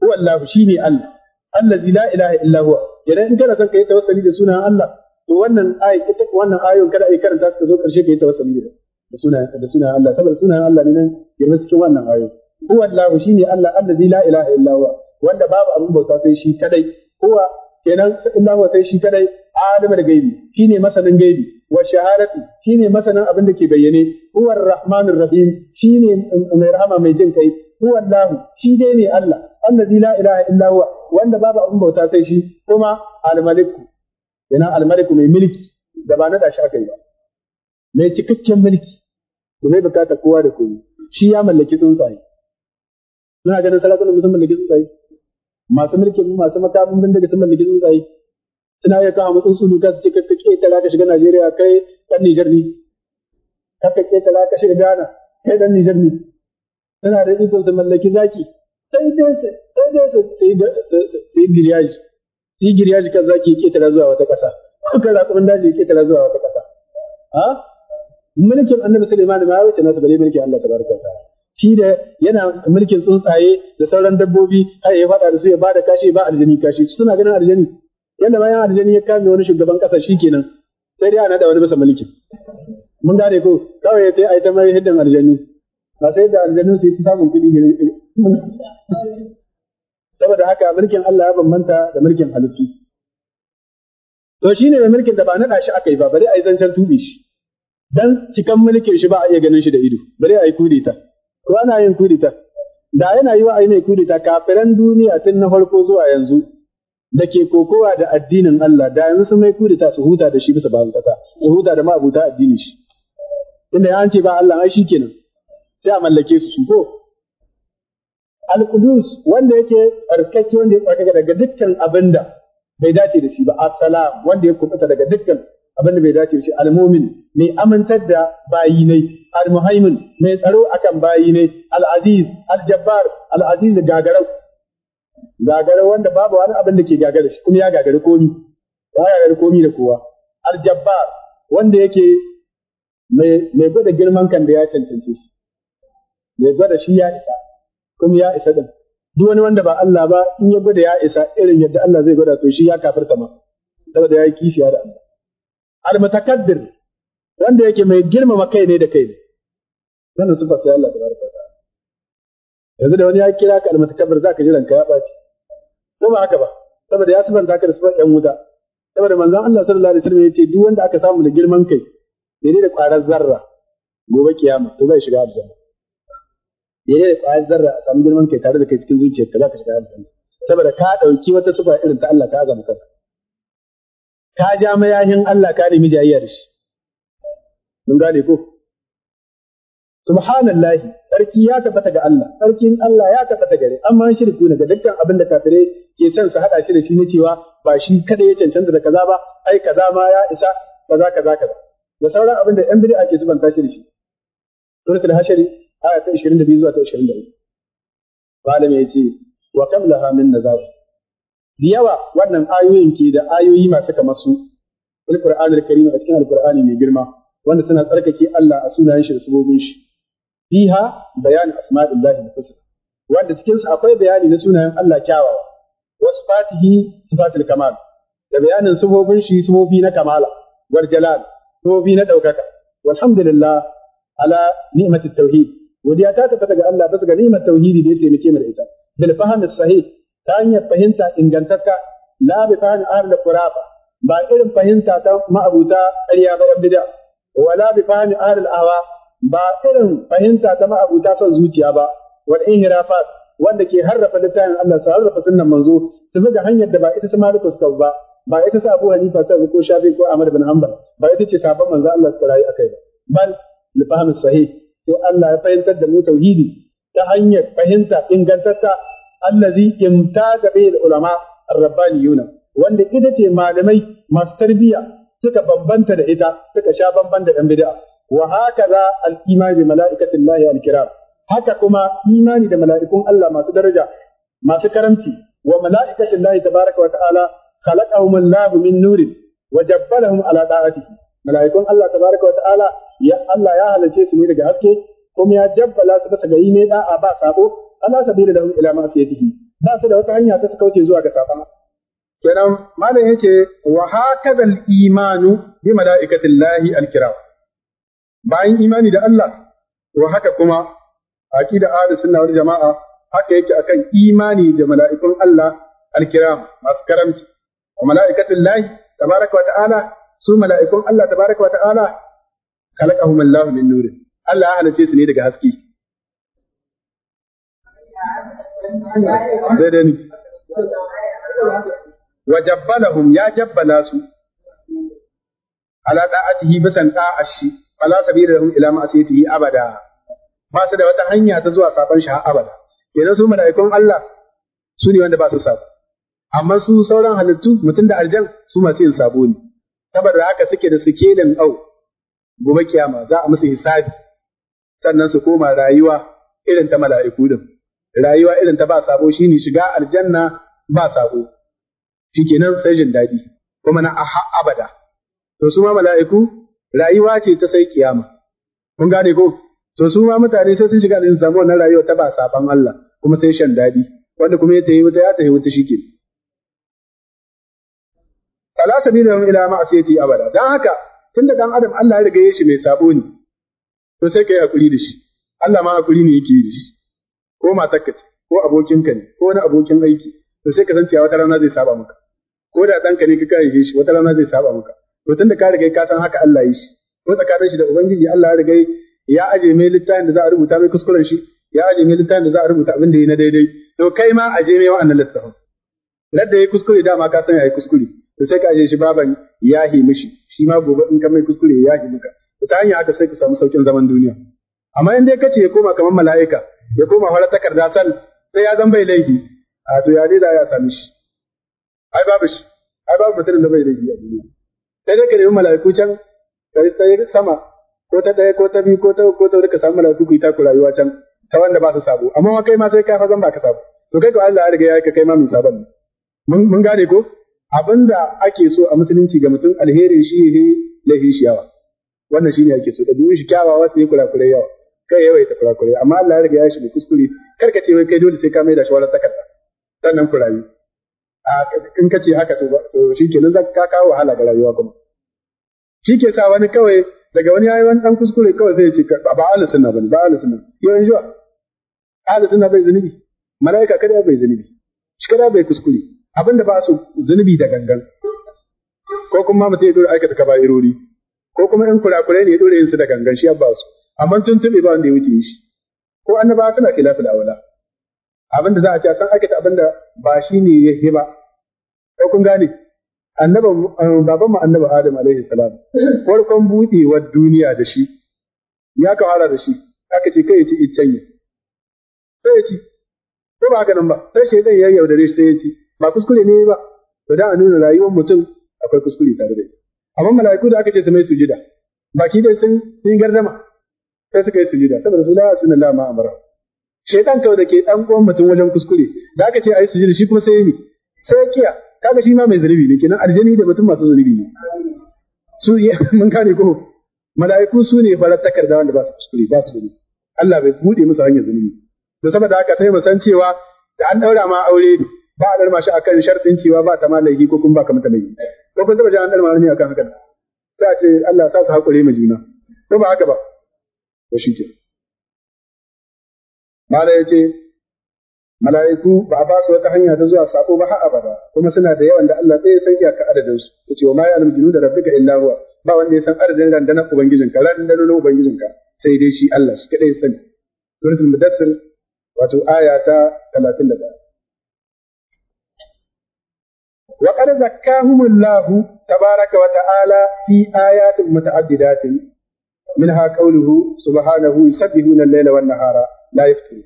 S1: huwa Allah ne Allah allazi la ilaha illa huwa idan in kana son ka kai tawassuli da sunan Allah to wannan ayi ita wannan ayoyin kada ai karanta su zo karshe kai tawassuli da da sunan da sunan Allah saboda sunan Allah ne nan girma cikin wannan ayoyi huwa Allah ne Allah allazi la ilaha illa huwa wanda babu abin bauta sai shi kadai huwa kenan illa huwa sai shi kadai alimul gaibi shine masanin gaibi wa shahadati shine masanin abin da ke bayyane huwa rahmanur rahim shine mai rahama mai jin kai huwa Allah shi dai ne Allah allazi la ilaha illa huwa wanda babu abin bauta sai shi kuma al-malik yana al-malik mai mulki da ba nada shi aka yi ba mai cikakken mulki da bai bukata kowa da kowa shi ya mallaki tsuntsaye muna ganin salatunan sun mallaki tsuntsaye masu mulkin masu makamin bindiga sun mallaki tsuntsaye suna iya kawo mutum su duka su ce kakka ketara ka shiga Najeriya kai dan Nijar ne kakka ketara ka shiga Ghana kai dan Nijar ne tana da ikon su mallaki zaki sai dai sai dai su yi giryaji yi giryaji kan zaki ya tara zuwa wata ƙasa ko kan raƙumin daji ya tara zuwa wata ƙasa ha mulkin annabi Sulaiman ma ya wuce nasu bare mulkin Allah tabaraka ta'ala shi da yana mulkin tsuntsaye da sauran dabbobi har ya faɗa da su ya bada kashi ba aljani kashi suna ganin aljani yadda bayan aljani ya kame wani shugaban kasa shi kenan sai dai ana da wani masa mulkin mun gane ko kawai sai a yi ta mai hiddan aljanu ba sai da aljanun su yi samun kuɗi saboda haka mulkin Allah ya bambanta da mulkin halittu to ne da mulkin da ba naɗa shi aka yi ba bari a yi zancen tuɓe shi dan cikan mulkin shi ba a iya ganin shi da ido bari a yi kudita ko ana yin kudita da yana yi wa ai mai kudita kafiran duniya tun na farko zuwa yanzu da ke kokowa da addinin Allah da yanzu sun mai kudita su huta da shi bisa babu. kasa su huta da ma'abuta addinin shi inda ya ce ba Allah ai kenan sai a mallake su su ko al-qudus wanda yake tsarkake wanda ya tsarkake daga dukkan abinda bai dace da shi ba as wanda ya kubuta daga dukkan abinda bai dace da shi al-mu'min mai amintar da bayi ne al-muhaimin mai tsaro akan bayi ne al-aziz al-jabbar al-aziz gagarau gagarau wanda babu wani abin da ke gagara shi kuma ya gagari komi ya gagari komi da kowa al-jabbar wanda yake mai gwada girman kan da ya cancanci shi mai gwada shi ya isa kuma ya isa din duk wani wanda ba Allah ba in ya gwada ya isa irin yadda Allah zai gwada to shi ya kafirta ma saboda ya yi kishiya da Allah al mutakaddir wanda yake mai girmama kai ne da kai ne sannan su fasa Allah tabaraka da yanzu da wani ya kira ka al za zaka ji ka ya baci ko ba haka ba saboda ya sabanta ka da sabon yan wuta saboda manzon Allah sallallahu alaihi wasallam ya ce duk wanda aka samu da girman kai daidai da kwarar zarra gobe kiyama to zai shiga aljanna daidai da kwayar zarra a samu girman kai tare da kai cikin zuciyarka za ka shiga aljanna saboda ka ɗauki wata sufa irin ta Allah ka azama kanka ka ja mayahin Allah ka nemi jayayya da shi mun gane ko subhanallahi sarki ya tabbata ga Allah sarkin Allah ya tabbata gare amma shirku ne ga dukkan abin da kafire ke son su hada shi da shi ne cewa ba shi kada ya cancanta da kaza ba ai kaza ma ya isa kaza kaza kaza da sauran abin da yan bid'a ke zubanta shi da shi suratul hashari aya ta 22 zuwa ta 23 malam ya ce wa laha min nazar da yawa wannan ayoyin ke da ayoyi masu kamar su alqur'anul karim a cikin alqur'ani mai girma wanda suna tsarkake Allah a sunayen shi da subobin shi fiha bayan asma'illahi al-husna wanda cikin su akwai bayani na sunayen Allah kyawawa wasu fatihi sifatul kamal da bayanin sufofin shi sufofi na kamala wal jalal sufofi na daukaka walhamdulillah ala ni'matit tauhid godiya ta tafi daga Allah bisa ga ni'imar tauhidi da ya taimake mu da ita bil fahmi sahih ta hanyar fahimta ingantacca la bi fahmi ahlul qurafa ba irin fahimta ta ma'abuta ƙarya ba yan bid'a wala bi fahmi ahlul awa ba irin fahimta ta ma'abuta son zuciya ba wal inhirafat wanda ke harrafa littafin Allah su harrafa sunnan manzo su bi ga hanyar da ba ita su malikus ba ba ita sa Abu Hanifa ta ko Shafi ko Ahmad bin Hanbal ba ita ce sabon manzo Allah su rayu akai ba bal li fahmi sahih to Allah ya fahimtar da mu tauhidi ta hanyar fahimta ingantatta allazi imtaza da ulama ar-rabbaniyuna wanda ita ce malamai masu tarbiyya suka bambanta da ita suka sha bamban da ɗan bid'a wa hakaza al-iman bi malaikatillahi al-kiram haka kuma imani da mala'ikun Allah masu daraja masu karamci wa malaikatillahi tabaraka wa ta'ala khalaqahum Allahu min nurin wa jabbalahum ala ta'atihi mala'ikun Allah tabaraka wa ta'ala ya Allah ya halice su ne daga haske kuma ya jabbala su bisa ga yi ne da'a ba sabo ala sabila lahum ila ma'siyatihi ba su da wata hanya ta kauce zuwa ga saban kenan malam yake wa hakadha al-imanu bi malaikatillahi al-kiram bayan imani da Allah wa haka kuma aqida ahlus sunna wal jamaa haka yake akan imani da mala'ikun Allah al-kiram masu karamci wa malaikatullahi tabaraka wa ta'ala su mala'ikun Allah tabaraka wa ta'ala khalaqahum Allah min nur Allah ya halice su ne daga haske
S2: sai
S1: da ni wa jabbalahum ya jabbala su ala da'atihi bisan ta'ashi fala sabila lahum ila ma'asiyatihi abada ba su da wata hanya ta zuwa saban shi har abada kenan su mala'ikun Allah su ne wanda ba su sabo amma su sauran halittu mutum da aljan su masu yin sabo ne saboda haka suke da sikelin au gobe kiyama za a musu hisabi sannan su koma rayuwa irin ta mala'iku din rayuwa irin ta ba sabo shine shiga aljanna ba sabo shikenan sai jin daɗi kuma na aha abada to su ma mala'iku rayuwa ce ta sai kiyama kun gane ko to su ma mutane sai sun shiga aljanna samu wannan rayuwa ta ba saban Allah kuma sai shan daɗi wanda kuma ya tayi wuta ya tayi wuta shike ala sabila ila ma'asiyati abada dan haka tun da dan adam Allah ya riga ya shi mai sabo ne to sai kai hakuri da shi Allah ma hakuri ne yake yi da shi ko matarka ce ko abokinka ne ko wani abokin aiki to sai ka san cewa wata rana zai saba maka ko da ɗanka ne ka kare shi wata rana zai saba maka to tun da ka riga ka san haka Allah ya shi ko tsakanin shi da ubangiji Allah ya riga ya aje mai littafin da za a rubuta mai kuskuren shi ya aje mai littafin da za a rubuta abin da ya na daidai to kai ma aje mai wa'annan littafin ladda ya kuskure dama ka san ya yi kuskure to sai ka aje shi baban ya hi mishi shi ma gobe in ka mai kuskure ya hi maka to ta hanya haka sai ku samu saukin zaman duniya amma in dai kace ya koma kamar mala'ika ya koma fara takarda sal sai ya zan bai laifi a to ya dai ya sami shi ai babu shi ai babu mutum da bai laifi a duniya sai dai ka nemi mala'iku can ka yi sama ko ta ɗaya ko ta biyu ko ta ko ta ka samu mala'iku ku yi taku rayuwa can ta wanda ba su sabo amma kai ma sai ka fa zan ba ka sabo to kai ko Allah ya riga ya ka kai ma mai mun mun gane ko abinda ake so a musulunci ga mutum alherin shi ne laifin shi yawa wannan shi ne ake so da duk shi kyawawa sai kurakurai yawa kai yawai ta kurakurai amma Allah ya riga ya shiga kuskure karka ce wai kai dole sai ka mai da shawara takarda sannan ku rayu in ka ce haka to shi ke za ka kawo wahala ga rayuwa kuma shi ke sa wani kawai daga wani yayi wani dan kuskure kawai sai ya ce ba ahlus sunna bane ba ahlus sunna yawan jiwa ahlus sunna bai zunubi malaika kada bai zunubi shi kada bai kuskure abin da ba su zunubi da gangan ko kuma mutum ya dora aikata kaba'irori ko kuma in kurakurai ne ya dora yin su da gangan shi ba su amma tuntube ba wanda ya wuce shi ko annabawa suna da wala abin da za a ce san aikata abin da ba shi ne ya yi ba ko kun gane annaban eh, baban mu annabi Adam alaihi salam farkon wa duniya da shi ya kawara da shi aka ce kai ya ci iccen ya sai ya ci ko ba haka nan ba sai shaidan ya yaudare shi sai ya ci ba kuskure ne ba to da a nuna rayuwar mutum akwai kuskure tare da shi amma mala'iku da aka ce su mai sujida baki dai sun sun gardama sai suka yi sujida saboda su la sunna la ma amara shaytan kawai da ke dan uwan mutum wajen kuskure da aka ce ayi sujida shi kuma sai yi sai ya kiya kaga shi ma mai zunubi ne kenan aljani da mutum masu zunubi ne su [laughs] mun gane ko mala'iku su ne farar da wanda ba su kuskure ba su zunubi Allah bai bude musu hanyar zunubi da saboda haka sai mu san cewa da an daura ma aure ba a darma shi kan sharɗin cewa ba ta laifi ko kuma ba ka mata laifi ko kun taba ji an darma ne akan haka sai a ce Allah sa su haƙuri ma juna ko ba haka ba to shi ke mala ya ce mala'iku ba a ba su wata hanya ta zuwa saƙo ba har abada kuma suna da yawan da Allah tsaye ya san iyaka adadin su ce wa ma ya nuna da rabbika illa huwa ba wanda ya san adadin randanar ubangijinka randanar ubangijinka sai dai shi Allah shi kaɗai sani suratul mudaththir wato aya ta ɗaya. wa qad zakkahumullahu tabaraka wa ta'ala fi ayatin muta'addidatin منها قوله سبحانه يسبحون الليل والنهار لا يفترون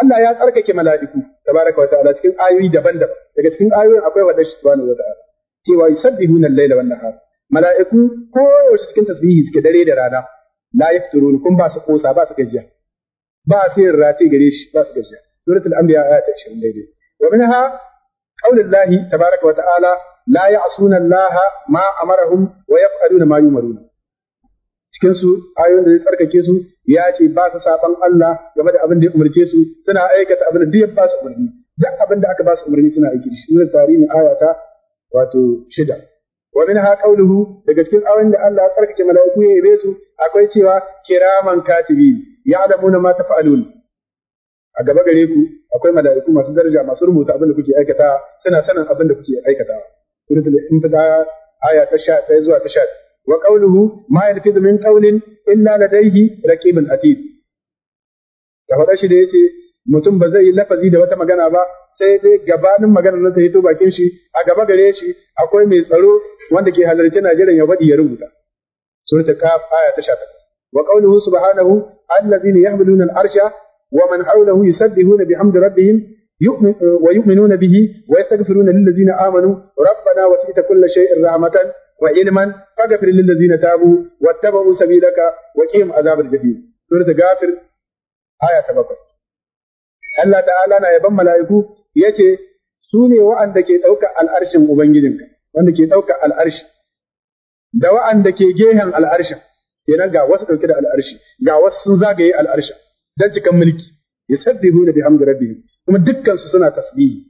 S1: Allah ya tsarkake mala'iku tabaraka wa ta'ala cikin ayoyi daban-daban daga cikin ayoyin akwai wadda shi subhanahu wa ta'ala cewa yusabbihuna al-laila wan nahar mala'iku ko yaushe cikin tasbihi suke dare da rana la yafturun kun ba su ƙosa, ba su gajiya ba su yin rati gare shi ba su gajiya suratul anbiya aya ta 20 daidai wa minha قول tabaraka تبارك وتعالى لا يعصون الله ma أمرهم wa ما ma Cikin su ayoyin da zai tsarkake su ya ce ba su saban Allah game da abin da ya umarce su suna aikata abin da ya ba su umarni. Duk abin da aka ba su umarni suna aiki shi ne tarihin ayata wato shida. wa ha qawluhu daga cikin ayoyin da Allah ya tsarkake mala'iku ya yabe su akwai cewa kiraman katibi ya ya'lamuna ma taf'alun a gaba gare ku akwai mala'iku masu daraja masu rubuta abin da kuke aikata suna sanin abin da kuke aikata suratul infitar aya ta 11 zuwa ta 12 wa qawluhu ma yalfidu min qawlin illa ladayhi raqibun atid da faɗa shi da yace mutum ba zai yi lafazi da wata magana ba sai dai gabanin maganar nan ta hito bakin shi a gaba gare shi akwai mai tsaro wanda ke halarci Najeriya ya faɗi ya rubuta suratul kaf aya ta 18 wa qawluhu subhanahu allazina yahmiluna al-arsha ومن حوله يسبحون بحمد ربهم يؤمن ويؤمنون به ويستغفرون للذين آمنوا ربنا وسعت كل شيء رحمة وعلما فاغفر للذين تابوا واتبعوا سبيلك وقهم عذاب الجحيم سورة غافر آية 7 Allah ta'ala na yaban mala'iku yace su ne wa'anda ke ɗaukar al'arshin Ubangijinka wanda ke da wa'anda ke gehen al'arshin kenan ga wasu ɗauke da al'arshi ga wasu sun zagaye al'arshin dan cikan mulki yusabbihuna bihamdi rabbihim kuma dukkan su suna tasbihi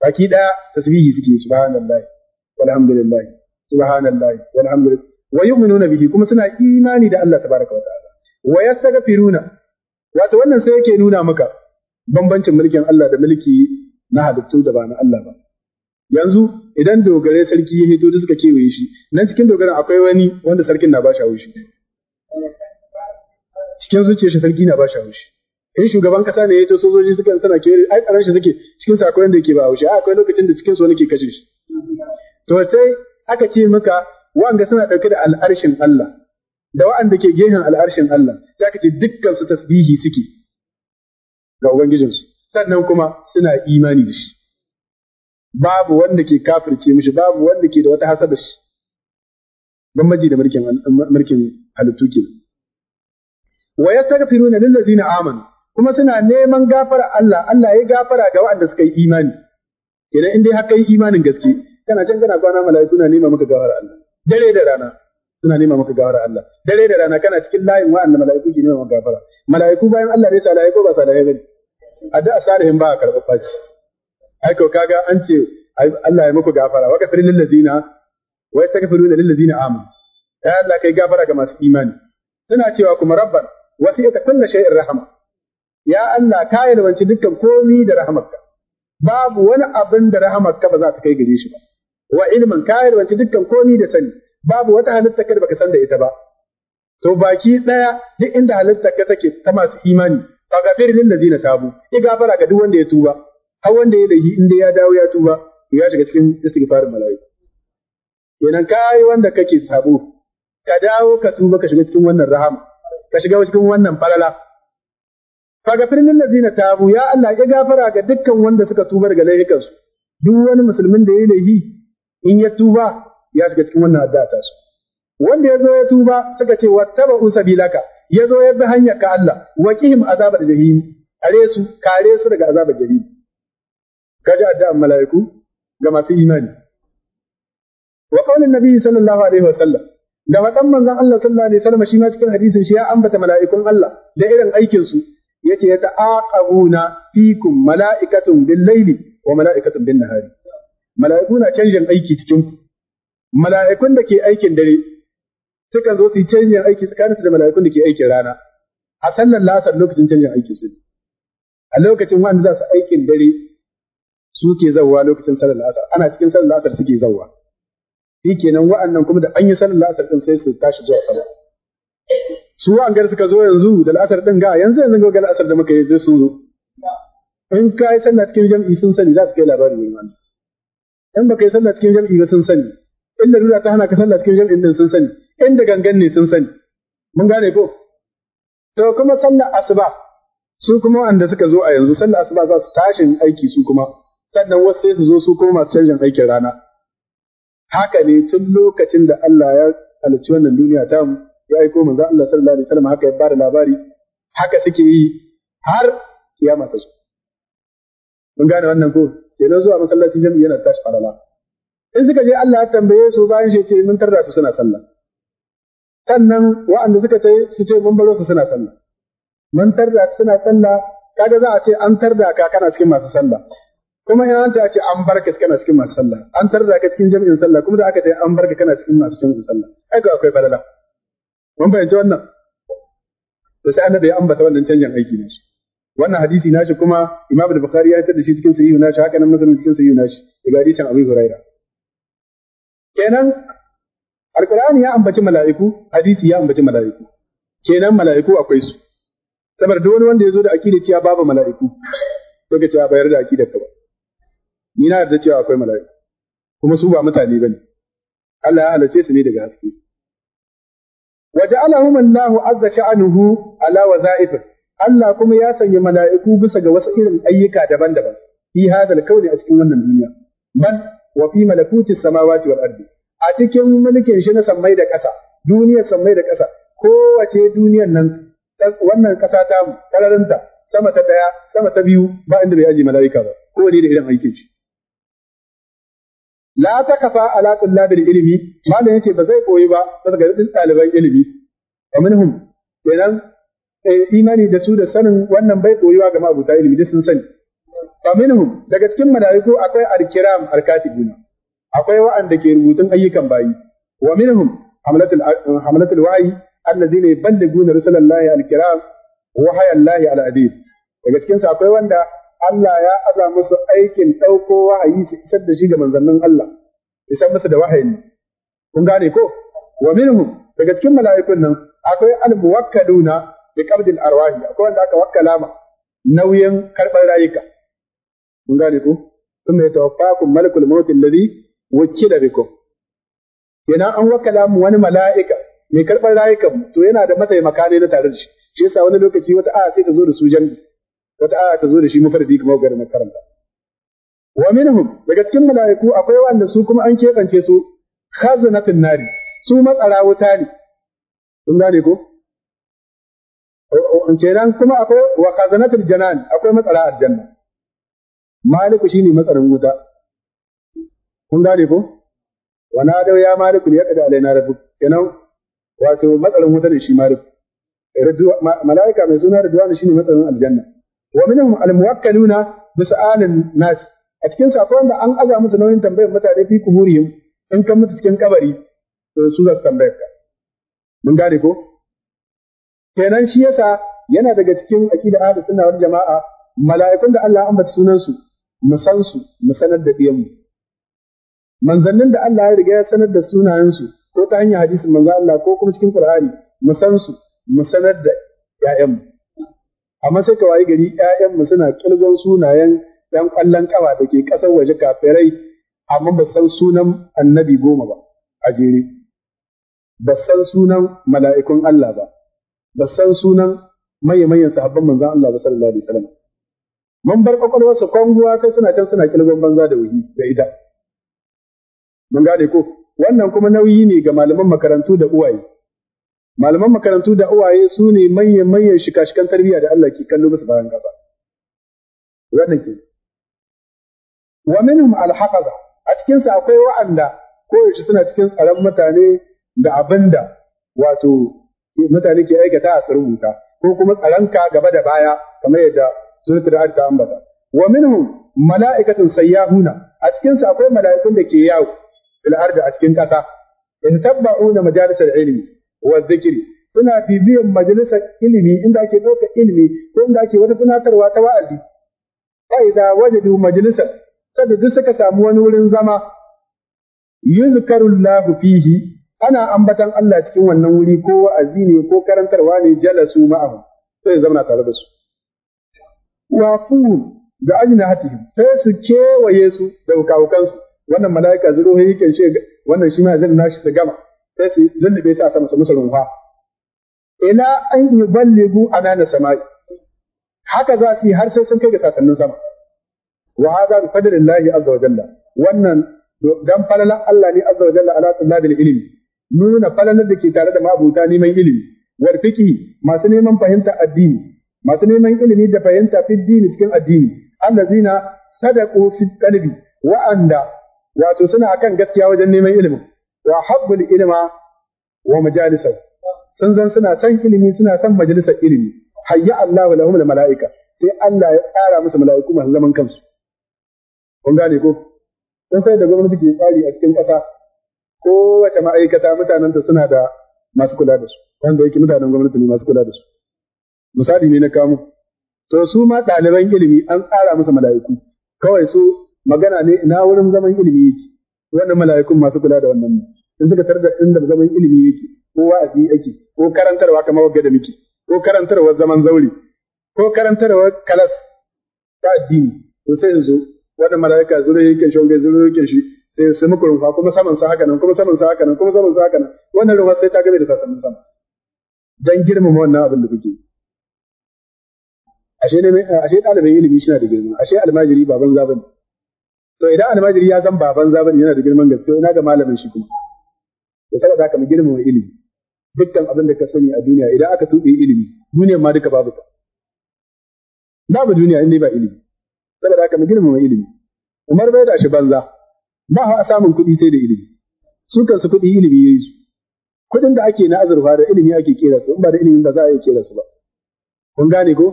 S1: baki daya tasbihi suke subhanallahi walhamdulillahi subhanallahi walhamdulillahi wa yu'minuna bihi kuma suna imani da Allah tabaraka wa ta'ala wa yastaghfiruna wato wannan sai yake nuna maka bambancin mulkin Allah da mulki na halittu da ba na Allah ba yanzu idan dogare sarki ya hito da suka kewaye shi nan cikin dogaren akwai wani wanda sarkin na ba shi haushi cikin zuciyar shi sarki na ba shi haushi in shugaban kasa ne ya to sojoji suka tana ke ai tsaron shi suke cikin sa akwai wanda yake ba haushi akwai lokacin da cikin su ke kashe shi to sai aka ce maka wanda suna dauke da al'arshin Allah da wa'anda ke gehen al'arshin Allah sai aka ce dukkan su tasbihi suke ga ubangijin su sannan kuma suna imani da shi babu wanda ke kafirce mishi babu wanda ke da wata hasada shi ban maji da mulkin halittu kenan wa yastaghfiruna lil ladina amanu kuma suna neman gafara Allah Allah ya gafara ga waɗanda suka yi imani idan in dai haka yi imanin gaske kana can kana kwana mala'iku na nema maka gafara Allah dare da rana suna nema maka gafara Allah dare da rana kana cikin layin waɗanda mala'iku ke nema maka gafara mala'iku bayan Allah ne salihai ko ba salihai bane addu'a salihin ba a karɓa faci ai ko kaga an ce Allah ya muku gafara wa kafir lil ladina wa yastaghfiruna lil amanu ya Allah kai gafara ga masu imani suna cewa kuma rabbana wasiyata kullu shay'in rahama ya Allah ka yarwanci dukkan komi da rahamarka babu wani abin da rahamarka ba za ta kai gare shi ba wa ilmin ka yarwanci dukkan komi da sani babu wata halitta ka da baka san da ita ba to baki daya duk inda halitta ka take ta masu imani fa gafir lil ladina tabu i gafara ga duk wanda ya tuba har wanda ya dahi inda ya dawo ya tuba ya shiga cikin istighfarin mala'iku kenan kai wanda kake sabo ka dawo ka tuba ka shiga cikin wannan rahama ka shiga cikin wannan falala kaga firmin lazina tabu ya Allah ya gafara ga dukkan wanda suka tuba daga laifukansu duk wani musulmin da ya yi laifi in ya tuba ya shiga cikin wannan addu'a ta su wanda ya zo ya tuba suka ce "Wa usa sabilaka ya zo ya bi hanyar ka Allah wa kihim azabar jahim kare su kare su daga azabar Ka kaji addu'an mala'iku ga masu imani wa ƙaunin nabi sallallahu alaihi wa sallam da wadan manzon Allah sallallahu alaihi wasallam shi ma cikin hadisin shi ya ambata mala'ikun Allah da irin aikin su yake ya ta'aqabuna fikum mala'ikatun bil laili wa mala'ikatun bin nahari mala'iku na canjin aiki cikin ku mala'ikun da ke aikin dare sukan zo su yi canjin aiki tsakanin su da mala'ikun da ke aikin rana a sallar lasar lokacin canjin aiki su a lokacin wanda za su aikin dare suke zauwa lokacin sallar la'asar, ana cikin sallar la'asar suke zauwa. shikenan wa'annan kuma da an yi sanin la'asar din sai su tashi zuwa sallah su wa'angar suka zo yanzu da la'asar din ga yanzu yanzu ga la'asar da muka yi zai sun zo in ka yi sallah cikin jam'i sun sani za su kai labarin yin wani. in baka yi sallah cikin jam'i ba sun sani inda rura ta hana ka sallah cikin jam'in din sun sani inda gangan ne sun sani mun gane ko to kuma sallar asuba su kuma wanda suka zo a yanzu sallar asuba za su tashin aiki su kuma sannan wasu sai su zo su kuma masu canjin aikin rana haka ne tun lokacin da Allah ya halicci wannan duniya ta mu ya aiko manzo Allah sallallahu alaihi wasallam haka ya bada labari haka suke yi har kiyama ta zo mun gane wannan ko kenan zuwa masallacin jami'i yana tashi falala in suka je Allah ya tambaye su bayan shi ce mun tarda su suna sallah sannan wa'anda suka ce su ce mun baro su suna sallah mun tarda suna sallah kaga za a ce an tarda ka kana cikin masu sallah kuma in an ta ce an barka kana cikin masu sallah an tarda ka cikin jami'in sallah kuma da aka ce an barka kana cikin masu jami'in sallah ai ga akwai balala mun bayyance wannan to sai annabi ya ambata wannan canjin aiki ne wannan hadisi nashi kuma imam al-bukhari ya tada shi cikin sahihu nashi haka nan muslim cikin sahihu nashi daga hadisin abu huraira kenan alqur'ani ya ambaci mala'iku hadisi ya ambaci mala'iku kenan mala'iku akwai su saboda duk wani wanda ya zo da akida cewa babu mala'iku to ka cewa bayar da akidar ka ba ni na yarda cewa akwai mala'iku kuma su ba mutane bane Allah ya halace su ne daga haske waja'alahum Allahu azza sha'anuhu ala waza'ifi Allah kuma ya sanya mala'iku bisa ga wasu irin ayyuka daban-daban fi hadal kauni a cikin wannan duniya Man wa fi malakuti samawati wal ardi a cikin mulkin shi na sammai da ƙasa duniyar sammai da ƙasa kowace duniyar nan wannan ƙasa ta mu sararinta sama ta ɗaya sama ta biyu ba inda bai aji mala'ika ba
S2: kowane da irin aikin
S1: shi la takafa ala tullabil ilmi malam yace ba zai koyi ba daga dukkan ɗaliban ilimi wa minhum kenan eh, imani da su da sanin wannan bai koyuwa ga mabuta ilimi duk sun sani fa minhum daga cikin malaiku akwai alkiram alkatibuna akwai wa'anda ke rubutun ayyukan bayi wa minhum hamlatul hamlatul wa'i alladhina yuballighuna rusulallahi alkiram wa hayallahi aladid daga cikin su akwai wanda Allah ya aza musu aikin ɗauko wahayi su isar da shi ga manzannin Allah, isar musu da wahayi. Kun gane ko? Wa minhum daga cikin mala'ikun nan akwai al-muwakkaluna bi qabdil arwahi akwai wanda aka wakkala ma nauyin karɓar rayuka. Kun gane ko? Sun mai tawaffakum malakul maut alladhi da bikum. Yana an wakkala mu wani mala'ika mai karɓar rayukan to yana da mataimaka ne na tare da shi. Shi yasa wani lokaci wata aya sai ta zo da su jami'i. wata aya ta zo da shi mafarki kamar gari na karanta wa minhum daga cikin mala'iku akwai wanda su kuma an keɓance su khazanatun nari su matsara wuta ne sun gane ko nan kuma akwai wa khazanatul janan akwai matsara aljanna maliku shine matsarin wuta kun gane ko wa nadaw ya maliku ya kada alaina rabbuk kenan wato matsarin wuta ne shi maliku mala'ika mai suna da shi shine matsarin aljanna wa minhum almuwakkaluna bi su'alin nas a cikin su akwai wanda an aza musu nauyin tambayar mutane fi kuburihim in kan mutu cikin kabari to su za su tambayar ka mun gane ko kenan shi yasa yana daga cikin aqida ahlus sunna wal jama'a mala'ikun da Allah ambata sunan su mu san su mu sanar da biyan mu manzannin da Allah ya riga ya sanar da sunayen su ko ta hanyar hadisin manzo Allah ko kuma cikin Qur'ani mu san su mu sanar da mu. amma sai ka wayi gari ƴaƴan suna kilgon sunayen ɗan ƙwallon ƙafa da ke ƙasar waje kafirai amma ba san sunan annabi goma ba a jere ba san sunan mala'ikun Allah ba ba san sunan maye mayan sahabban manzon Allah ba sallallahu alaihi wasallam mun bar kwakwalwar su kwanguwa kai suna can suna kilgon banza da wuhi da ita mun gane ko wannan kuma nauyi ne ga malaman makarantu da uwaye malaman makarantu da uwaye su ne manyan manyan shika-shikan tarbiyya da Allah ke kallo musu bayan gaba wannan ke wa minhum alhaqaza a cikin sa akwai wa'anda ko yaushe suna cikin tsaron mutane da abinda wato mutane ke aikata a surubuta ko kuma tsaronka gaba da baya kamar yadda suratul al ta ambata wa minhum mala'ikatun sayyahuna a cikin sa akwai mala'ikun da ke yawo fil ardi a cikin kasa in tabba'una majalisal ilmi wa zikri suna bibiyan majalisar ilimi inda ake ɗaukar ilimi ko inda ake wata tunatarwa ta wa'azi fa idza wajadu majlisan kada duk suka samu wani wurin zama yuzkaru fihi ana ambatan Allah cikin wannan wuri ko wa'azi ne ko karantarwa ne jalasu ma'ahu sai zamana tare da su wa ga da hatihi sai su kewaye su da su wannan mala'ika zuruhi yake shi wannan shi ma zan nashi su gama sai su lullube su a sama su musu runwa Ina an yuballighu anana samai haka za su yi har sai sun kai ga sakannin sama wa hada bi fadlillahi azza wa jalla wannan dan falalan Allah ne azza wa jalla ala tullabil ilmi nuna falalan da ke tare da mabuta neman ilimi war fiqi masu neman fahimta addini masu neman ilimi da fahimta fi dini cikin addini allazina sadaqu fi qalbi wa'anda wato suna akan gaskiya wajen neman ilimin wa habbul ilma wa majalisa sun zan suna son ilimi suna son majalisar ilimi hayya Allahu lahum al malaika sai Allah ya tsara musu mala'iku masu zaman kansu kun gane ko Sun sai da gwamnati ke tsari a cikin kasa kowace ma'aikata mutanen ta suna da masu kula da su wanda yake mutanen gwamnati ne masu kula da su misali ne na kamo to su ma ɗaliban ilimi an tsara musu mala'iku kawai su magana ne ina wurin zaman ilimi yake wannan mala'ikun masu kula da wannan ne in suka tarda inda zaman ilimi yake ko wa'azi yake ko karantarwa kamar wagga da muke ko karantarwa zaman zauri ko karantarwa kalas ta addini to sai su wanda malaika zuro yake shi wanda yake shi sai su muku rufa kuma saman sa haka nan kuma saman sa haka nan kuma saman sa haka nan wannan rufa sai ta gabe da sasannin sama dan girmama wannan abin da kuke ashe ne ashe ɗalibin ilimi shi na da girma ashe almajiri baban zaban to idan almajiri ya zan baban zaban yana da girman gaske ina ga malamin shi kuma da saboda haka mu girmama ilimi dukkan abin da ka sani a duniya idan aka tuɓe ilimi duniyar ma duka babu ta babu duniya in dai ba ilimi saboda haka mu girmama ilimi Umar bai da shi banza ba ha samun kuɗi sai da ilimi su kuɗi ilimi yayi su kuɗin da ake na azurfa da ilimi ake kera su in ba da ilimi ba za a iya kera su ba kun gane ko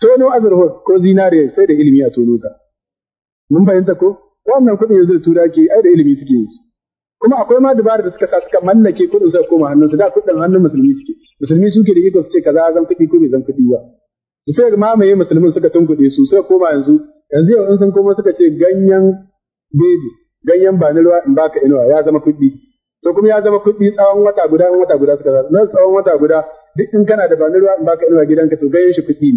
S1: tono azurfa ko zinariya sai da ilimi a tono ta mun fahimta ko wannan kuɗin yanzu da tura ke ai da ilimi suke yi su kuma akwai ma dabarar da suka sa suka mallake kuɗin suka koma hannunsu da kuɗin hannun musulmi suke musulmi suke da iko su ce kaza zan kuɗi ko bai zan kuɗi ba da sai mamaye musulmin suka tunkuɗe su suka koma yanzu yanzu yau in sun koma suka ce ganyen bebe ganyen ba ni ruwa in baka inuwa ya zama kuɗi to kuma ya zama kuɗi tsawon wata guda in wata guda suka zama nan tsawon wata guda duk in kana da ba ni ruwa in baka inuwa gidanka to ganyen shi kuɗi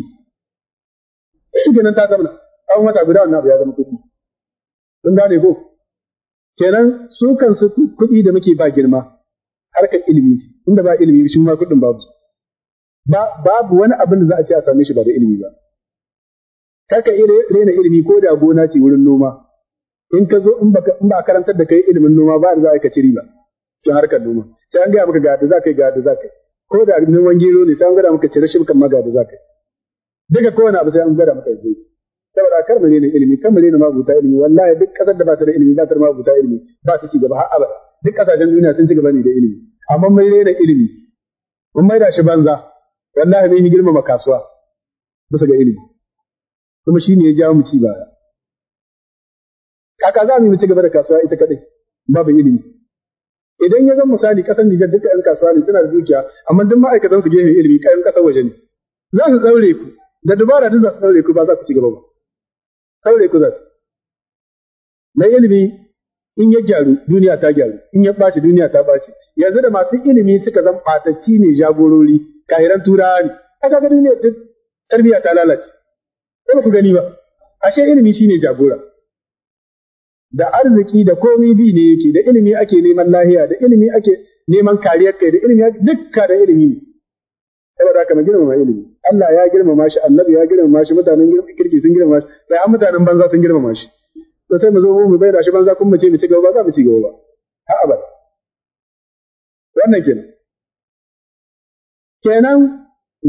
S1: ne shi kenan ta zama tsawon wata guda wannan abu ya zama kuɗi sun gane ko kenan su kansu kuɗi da muke ba girma harkar ilimi ce inda ba ilimi shi ma kuɗin babu ba babu wani abin da za a ce a same shi ba da ilimi ba kaka rena ilimi ko da gona ce wurin noma in ka zo in ba in ba karantar da kai ilimin noma ba za a ka ci riba cikin harkar noma sai an gaya maka ga da za kai ga da za kai ko da noman gero ne sai an ga maka cire shi kan ma da za kai duka kowane abu sai an ga maka zai saboda kar mu rena ilimi kar mu rena mabuta ilimi wallahi duk kasar da ba ta da ilimi ba ta da mabuta ilimi ba ta ci gaba har abada duk kasashen duniya sun ci gaba ne da ilimi amma mun rena ilimi mun maida shi banza wallahi mun yi girmama kasuwa bisa ga ilimi kuma shi ne ya jawo mu ci baya kaka za mu yi ci gaba da kasuwa ita kadai babu ilimi idan ya zan misali kasar Nijar duka ƴan kasuwa ne suna da dukiya amma duk ma'aikatan su gefen ilimi kayan kasar waje ne za su tsaure ku da dubara duk za su tsaure ku ba za ku ci gaba ba ɗaure ku za su na ilimi in ya gyaru duniya ta gyaru in ya ɓaci duniya ta ɓaci yanzu da masu ilimi suka zan ɓatacci ne jagorori kairan turawa ne aka ga duniya duk tarbiyya ta lalace ba ku gani ba ashe ilimi shi ne jagora da arziki da komi bi ne yake da ilimi ake neman lahiya da ilimi ake neman kariyar kai da ilimi dukka da ilimi ne saboda haka mai girmama ilimi Allah ya girmama shi annabi ya girmama shi mutanen kirki sun girmama shi sai an mutanen banza sun girmama shi to sai mu zo mu bai da shi banza kuma mu ce mu ci gaba ba za mu ci gaba ba har ba, wannan kenan kenan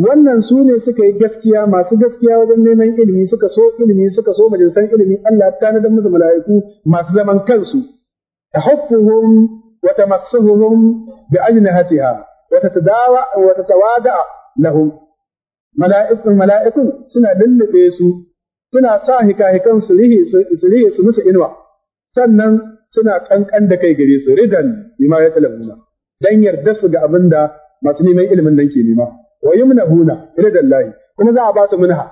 S1: wannan su ne suka yi gaskiya masu gaskiya wajen neman ilimi suka so ilimi suka so majalisan ilimi Allah ta tanadar musu mala'iku masu zaman kansu tahaffuhum wa tamassuhum bi ajnihatiha وتتداوى وتتوادع لهم ملائكة ملائكة سنة للبيسو suna sa hikahikan su rihe su musu inuwa sannan suna kankan da kai gare su ridan bima ya talabuna dan yarda su ga abin da masu neman ilimin nan ke nema wa yumnahuna ridan lahi kuma za a ba su za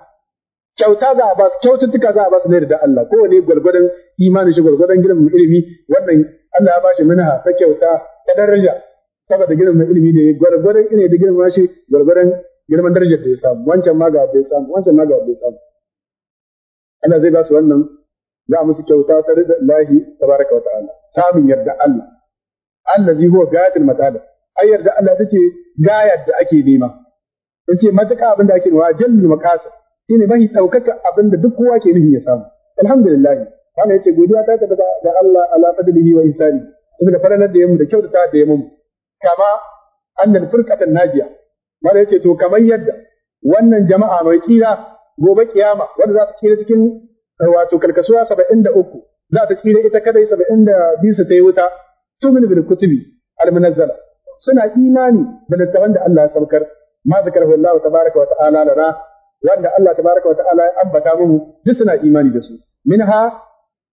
S1: a ba kyaututtuka za a ba na yarda Allah kowane gwargwadon imanin shi gwargwadon girman ilimi wannan Allah ya ba shi ta kyauta ta daraja saboda girman ilimi da ya gwargwaron ilimi da girma shi gwargwaron girman darajar da ya samu wancan ma ga ya samu wancan ma ga ya samu Allah zai ba su wannan za a musu kyauta ta rida lahi tabaraka wa ta'ala samun yarda Allah Allah zai huwa gayatul matala ai yarda Allah ce gayar da ake nema ce matuƙa abin da ake nema jallul maqasa shine mahi daukaka abin da duk kowa ke nufin ya samu alhamdulillah wannan yace godiya ta ga Allah ala fadlihi wa ihsani daga falalar da yammu da kyautata da yammu kama annal firqatan najiya mala yace to kamar yadda wannan jama'a mai kira gobe kiyama wanda za ta kira cikin eh, wato karkasuwa uku, za ta kira ita kadai saba'in da biyu su ta yi wuta tumin bil kutubi al munazzala suna imani da littafin da Allah ya saukar ma zakarahu Allah tabaaraka wa ta'ala lana wanda Allah tabaaraka wa ta'ala ya ambata mu duk suna imani da su minha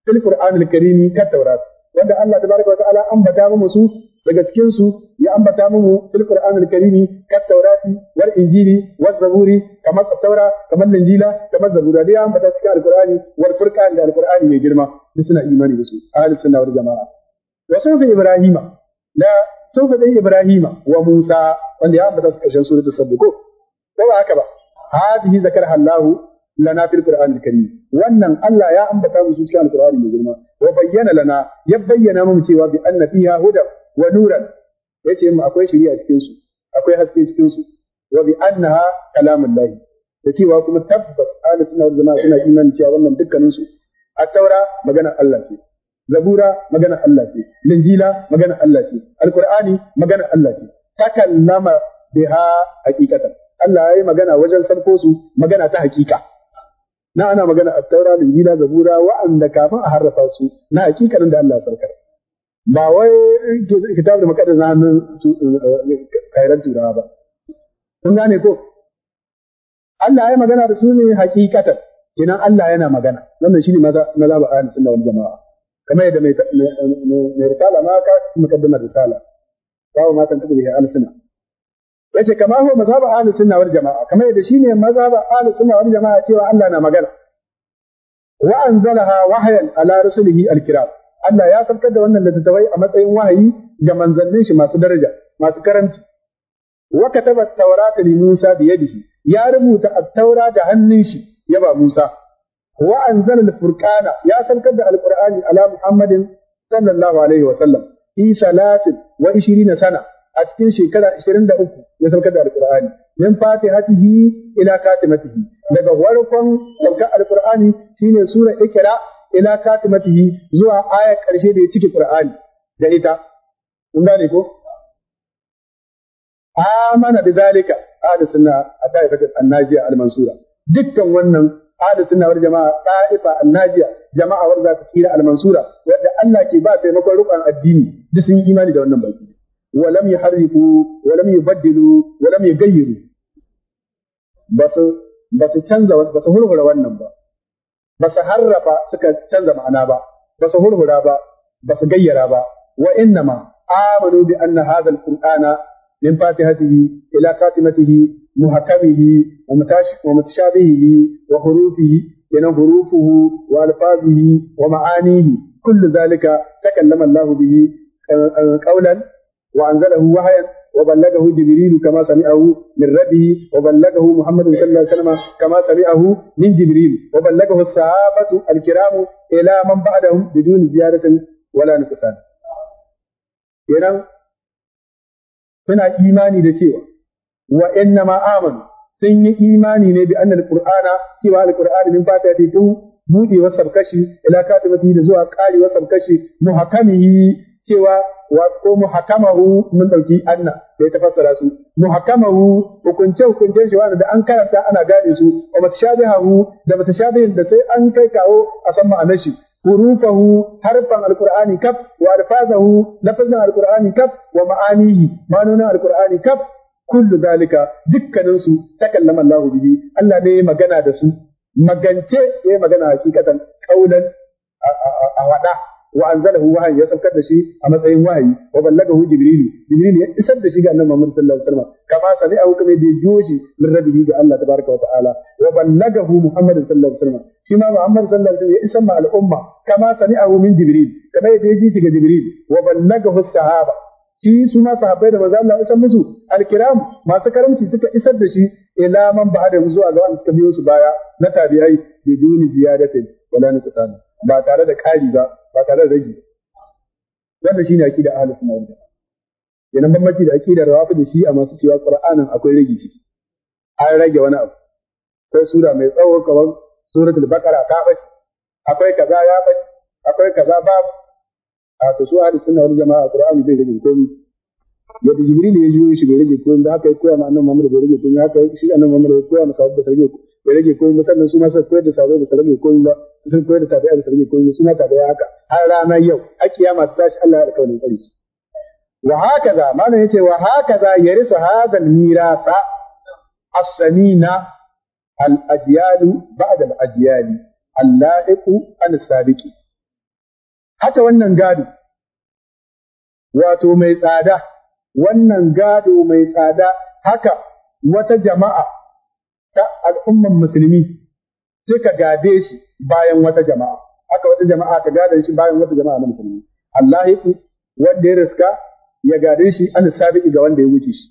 S1: fil qur'anil karimi kat tawrat wanda Allah tabaaraka wa ta'ala ambata mu su daga cikinsu ya ambata mu fil qur'anil karimi kat tawrati wal injili waz zaburi kamar taura kamar linjila kamar zabura da ya ambata cikin alqur'ani wal furqan da alqur'ani mai girma duk suna imani da su ahli sunna wal jamaa wa sunfa ibrahima da sunfa dai ibrahima wa musa wanda ya ambata su kashin suratul sabbuko ko ba haka ba hadhihi zakar Hallahu lana fil qur'anil karim wannan allah ya ambata mu cikin alqur'ani mai girma wa bayyana lana ya bayyana mu cewa bi anna fiha hudan wa nuran yace mu akwai shari'a cikin su akwai haske cikin su wa bi annaha kalamullahi da cewa kuma tabbas ahli sunna wal jama'a suna imani cewa wannan dukkanin su at-taura magana Allah ce zabura magana Allah ce linjila magana Allah ce alqur'ani magana Allah ce takallama biha haqiqatan Allah yayi magana wajen sarko su magana ta haqiqa na ana magana at-taura linjila zabura wa'anda kafin a harrafa su na haqiqatan da Allah sarkar ba wai kitab da makaɗa na nan eh, kairan turawa ba Sun gane ko Allah ya magana da su ne hakikatan kenan Allah yana magana wannan ne maza maza ba yana sunna wani jamaa kamar yadda mai mai risala ma ka cikin mukaddimar risala bawo ma tantabu bi ahlus sunna yace kama ba a ahlus sunna wani jamaa kamar yadda ba a ahlus sunna wani jamaa cewa Allah na magana wa anzalaha wahayan ala rasulihi al-kiram Allah ya saukar da wannan littattafai a matsayin wahayi ga manzannin shi masu daraja masu karanci wa kataba at-taurata li Musa bi yadihi ya rubuta at-taura da hannun shi ya ba Musa wa anzala al-furqana ya saukar da al-Qur'ani ala Muhammadin sallallahu alaihi wa sallam fi salatin wa 20 sana a cikin shekara 23 ya saukar da alkur'ani min fatihatihi ila katimatihi daga warkon saukar alkur'ani shine sura 'Ikira. ila katimatihi zuwa ayar karshe da ya cike Qur'ani da ita kun gane ko amana da zalika ahli sunna a ta'ifatul annajiya al-mansura dukkan wannan ahli sunna wal jama'a ta'ifa annajiya jama'a war za ta kira al-mansura wanda Allah ke ba taimakon rukun addini duk sun yi imani da wannan baki walam yuharrifu walam yubaddilu walam yughayyiru ba su ba su canza ba su hurhura wannan ba ba su harrafa suka canza ma'ana ba ba su hurhura ba ba su gayyara ba wa ma amanu bi anna hadha alqur'ana min fatihatihi ila khatimatihi muhakamihi wa mutashabihi wa hurufihi kenan hurufuhu wa alfazihi wa ma'anihi kullu zalika takallama Allah bihi eh, eh, qawlan wa anzalahu wahyan وبلغه جبريل كما سمعه من ربه وبلغه محمد صلى الله عليه وسلم كما سمعه من جبريل وبلغه الصحابة الكرام إلى من بعدهم بدون زيادة ولا نقصان suna imani da cewa wa inna ma sun yi imani ne bi annal qur'ana cewa alqur'ani min fatihati tun budewar sabkashi ila katimati da zuwa karewar mu muhakamihi cewa ko muhakamahu mun dauki anna da ya tafassara su muhakamahu hukunce hukuncen shi wanda an karanta ana gane su wa hahu da mutashabihin da sai an kai kawo a san ma'anar shi hurufahu harfan alqur'ani kaf wa alfazahu lafazan alqur'ani kaf wa ma'anihi ma'anonin alqur'ani kaf kullu dalika dukkanin su takallama Allah bihi Allah ne ya magana da su magance ya magana hakikatan qaulan a wada wa anzalahu wahayi ya saukar da shi a matsayin wahayi wa ballagahu jibrilu jibrilu ya isar da shi ga annabi Muhammad sallallahu alaihi wasallam kama sami'ahu kama da joji min rabbihi ga Allah tabaraka wa ta'ala wa ballagahu Muhammad sallallahu alaihi wasallam shi ma Muhammad sallallahu alaihi ya isar ma al'umma kama min jibril kama yadda shi ga jibril wa ballagahu sahaba shi su ma sahabbai da manzo Allah ya isar musu alkiram masu karamci suka isar da shi ila man da zuwa ga wanda suka biyo su baya na tabi'ai biduni ziyadatin wala nuqsan ba tare da kari ba ba tare da rage wannan shine aqida ahlus sunna wal jamaa kenan bambanci da aqidar rafidi shi a masu cewa qur'anin akwai rage ciki an rage wani abu akwai sura mai tsawo kamar suratul baqara ta bace akwai kaza ya bace akwai kaza babu a to su ahlus sunna wal jamaa qur'ani bai rage komai yadda jibril ya juyo shi bai rage komai da haka ya koya ma annabi Muhammad bai rage komai haka shi annabi Muhammad ya koya ma sahabbai da ko bai rage komai ba sannan su ma suka koyar da sahabbai da ko komai ba sun koyar da tabi'a da rage komai su ma tabi'a haka har rana yau a kiyama ta tashi Allah ya da kawai tsari wa hakaza malam yace wa hakaza yarisu hadal mirasa as-sanina al-ajyal ba'da al-ajyal al-la'iqu an sabiqi haka wannan gado wato mai tsada wannan gado mai tsada haka wata jama'a ta al'umman musulmi suka gade shi bayan wata jama'a haka wata jama'a ta gada shi bayan wata jama'a na musulmi Allah wanda ya riska ya gade shi an sabi ga wanda ya wuce shi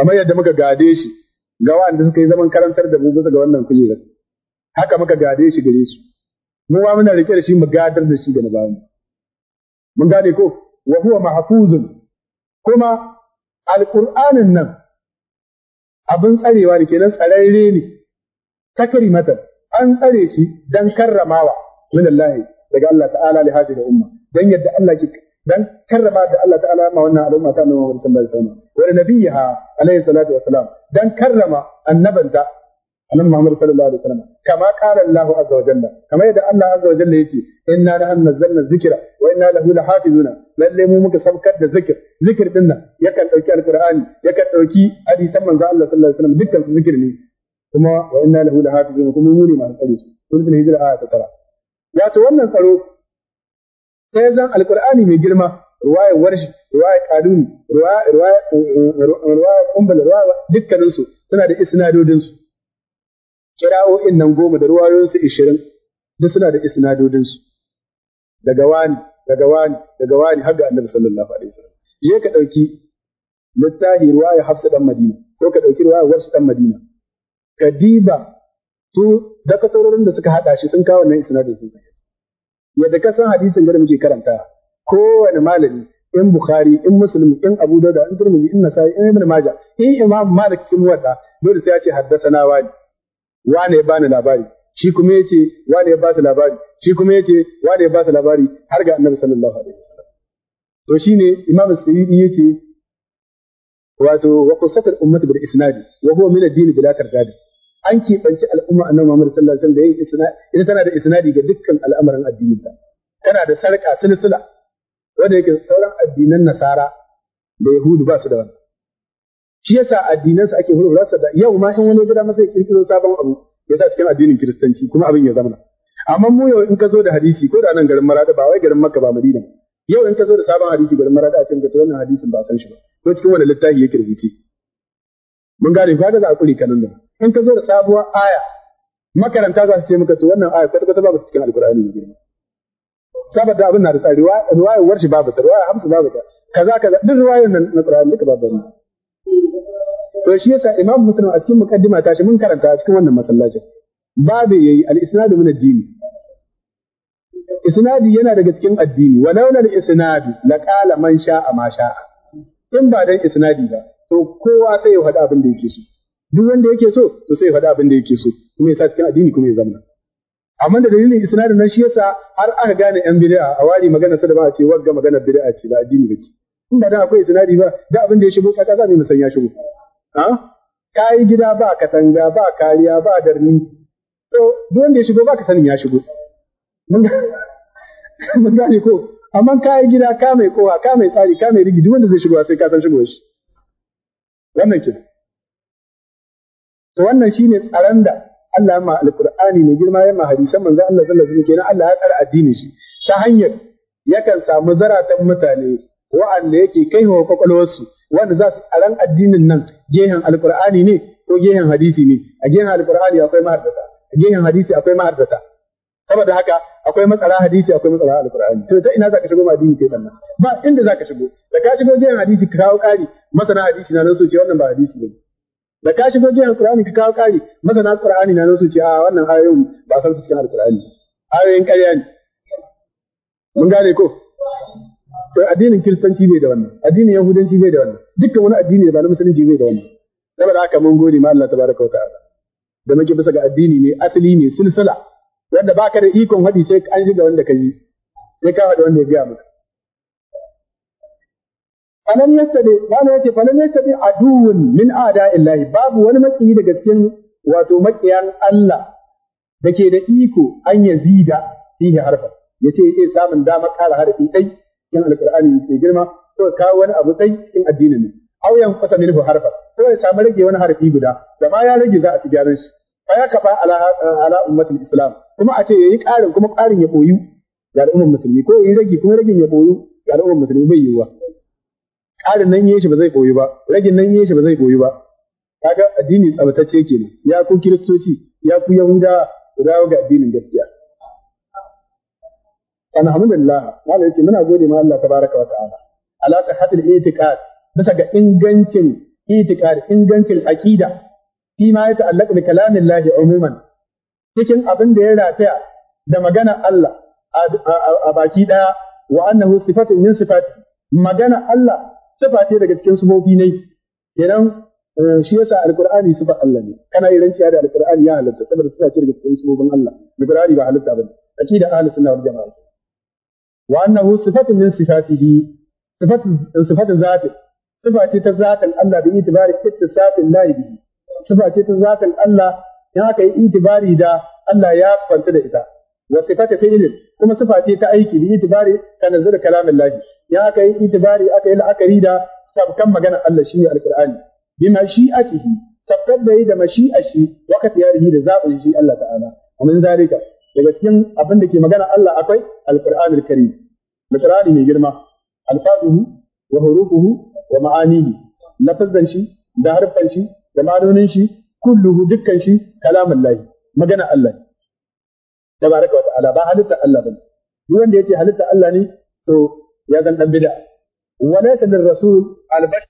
S1: kamar yadda muka gade shi ga wanda suka yi zaman karantar da mu ga wannan kujerar haka muka gade shi gare su mu ma muna rike da shi mu gadar da shi da na bayan mun gane ko wa huwa mahfuzun kuma alƙur'anin nan abin tsarewa ne kenan tsararre ne takrimatan an tsare shi don karramawa min Allah daga Allah ta'ala li hadhihi umma dan yadda Allah ke dan karrama da Allah ta'ala ma wannan al'umma ta Annabi Muhammad sallallahu alaihi wasallam wa nabiyha alaihi salatu wasalam dan karrama annabanta Annabi Muhammad sallallahu alaihi wasallam kama qala Allah azza wa jalla kama yadda Allah azza wa jalla yace inna nahnu nazzalna dhikra wa inna lahu lahafizuna lalle mu muka sabkar da zikir zikir din nan yakan dauki alqur'ani yakan dauki hadisan manzo Allah sallallahu alaihi wasallam dukkan su zikir ne kuma wa inna lahu lahafizun kuma mu ne masu tsare su sulhul hijira aya ta tara wato wannan tsaro sai zan alqur'ani mai girma ruwaya warshi ruwaya kaduni ruwaya ruwaya kumbal ruwaya dukkanin su suna da isnadodin su kira'o'in nan goma da ruwayoyin su 20 duk suna da isnadodin su daga wani daga wani daga wani har ga annabi sallallahu alaihi wasallam je ka ɗauki littafi ruwaya hafsa ɗan madina ko ka ɗauki ruwaya wasu ɗan madina ka diba su dakatarorin da suka haɗa shi sun kawo nan isnadin sun sanya yadda ka san hadisin da muke karanta kowane malami in bukhari in muslim in abu dauda in turmi in nasai in ibn maja in imam malik kin wada dole sai ya ce haddathana wani wane ya bani labari shi kuma yace wane ya ba su labari shi kuma yace wane ya ba su labari har ga annabi sallallahu alaihi wasallam to shine imam sayyidi yace wato wa qassatul ummati bil isnadi wa huwa min ad-din bila tardadi an keɓanci al'umma annabi Muhammad sallallahu alaihi wasallam da yin isnadi ita tana da isnadi ga dukkan al'amarin addini ta tana da sarka silsila wanda yake sauran addinan nasara da yahudu ba su da wannan shi yasa addinan su ake sa da yau ma in wani gida masa ya kirkiro sabon abu ya sa cikin addinin kiristanci kuma abin ya zama amma mu yau in ka zo da hadisi ko da nan garin maraɗa ba wai garin makka ba madina ba yau in ka zo da sabon hadisi garin da a cikin wannan hadisin ba san shi ba ko cikin wani littafi yake rubuce mun gane ba ga za a kuri kanun nan in ka zo da sabuwar aya makaranta za su ce maka to wannan aya kwata kwata babu cikin alkur'ani ne girma saboda abin na da tsari ruwayar warshi babu ta ruwayar hamsu babu ta kaza kaza duk ruwayar nan na qur'ani duka babu ne to shi yasa imam muslim a cikin mukaddima ta shi mun karanta a cikin wannan masallacin babu yayi al-isnadu min ad-din isnadi yana daga cikin addini wa laulal isnadi la qala man sha'a ma sha'a in ba dan isnadi ba to kowa sai ya faɗi abin da yake so duk wanda yake so to sai ya faɗi abin da yake so kuma yasa cikin addini kuma ya zama amma da dalilin isnadi nan shi yasa har aka gane yan bid'a a wari magana sai da ba a ce wagga magana bid'a ce ba addini ba ce in ba dan akwai isnadi ba da abin da ya shigo ka za mu san ya shigo ha kai gida ba katanga ba kariya ba darni to duk wanda ya shigo ba ka sanin ya shigo [laughs] mun gane ko amma ka yi gida ka mai kowa ka mai tsari ka mai rigi duk wanda zai shigo sai ka san shigo shi wannan ke to wannan shine tsaron da Allah ya ma alqur'ani mai girma ya ma hadisan manzo Allah sallallahu alaihi wasallam Allah ya tsara addinin shi ta hanyar yakan samu zaratan mutane wa'anda yake kai wa kwakwalwarsu wanda za su tsaron addinin nan gehen alqur'ani ne ko gehen hadisi ne a gehen alqur'ani akwai mahaddata a gehen hadisi akwai mahaddata saboda haka akwai matsala hadisi akwai matsala alqur'ani to ta ina zaka shigo ma dini kai sannan ba inda zaka shigo da ka shigo jiyan hadisi ka kawo kari masana hadisi na nan so ce wannan ba hadisi ne da ka shigo jiyan alqur'ani ka kawo kari masana alqur'ani na nan so ce a wannan ayoyin ba san su cikin alqur'ani ayoyin ƙarya ne mun gane ko to addinin kiristanci bai da wannan addinin yahudanci bai da wannan dukkan wani addini da ba na musulunci bai da wannan saboda haka mun gode ma Allah tabaraka wa ta'ala da muke bisa ga addini ne asali ne sulsala wanda baka da ikon haɗi sai an shiga wanda ka yi sai ka haɗa wanda ya biya maka falan yastade malam yace falan yastade min ada illahi babu wani makiyi daga cikin wato makiyan Allah da ke da iko an ya zida fihi harfa Ya ce yake samun dama kara harfi ɗai, in alƙar'ani ke girma to kawo wani abu ɗai cikin addinin ne aw yan harfa to ya samu rage wani harfi guda da ya rage za a ci gyaran shi Ba ya kafa ala ummatul islam kuma a ce yayi ƙarin kuma ƙarin ya koyu ga al'ummar musulmi ko yayi ragi kuma ragin ya koyu ga al'ummar musulmi bai yiwuwa ƙarin nan yayi shi ba zai koyu ba ragin nan yayi shi ba zai koyu ba kaga addini tsabatacce kenan ya ku kiristoci ya ku yahuda ku dawo ga addinin gaskiya alhamdulillah malai yake muna gode ma Allah tabaraka wa ta'ala Alaka hadil i'tiqad bisa ga ingancin i'tiqad ingancin aqida fi ma ya ta'allaqu bi kalamillahi umuman cikin abin da ya rataya da magana Allah a baki ɗaya wa annahu sifatun min sifati magana Allah sifa ce daga cikin sifofi ne idan eh, shi yasa alqur'ani sifa Allah ne kana yi ranciya da alqur'ani ya halatta saboda sifa ce daga cikin sifofin Allah alqur'ani ba halatta bane akida ahlus sunna wal jamaa wa annahu sifatun min sifatihi sifatun sifatun zati sifa ce ta zatin Allah bi itibari ittisafin lahi bihi sifa ce ta zatin Allah dan haka yi itibari da Allah ya kwanta da ita wa sifata fi'lin kuma sifa ce ta aiki bi itibari tanazzul kalamin lahi ya aka yi itibari aka yi la'akari da sabkan magana Allah shi alqur'ani bi mashi'atihi sabkan da yi da mashi'ashi wa katiyarihi da zabin shi Allah ta'ala ومن ذلك daga cikin abin da ke magana Allah akwai alkur'ani alkarim alqur'ani mai girma alfazuhu wa hurufuhu wa ma'anihi lafazan shi da harfan shi da ma'anonin shi kulluhu dukkan shi kalamun lahi magana Allah ne tabaraka wa ta'ala ba halitta Allah bane duk wanda yace halitta Allah ne to ya zan dan bid'a wa laysa lirrasul al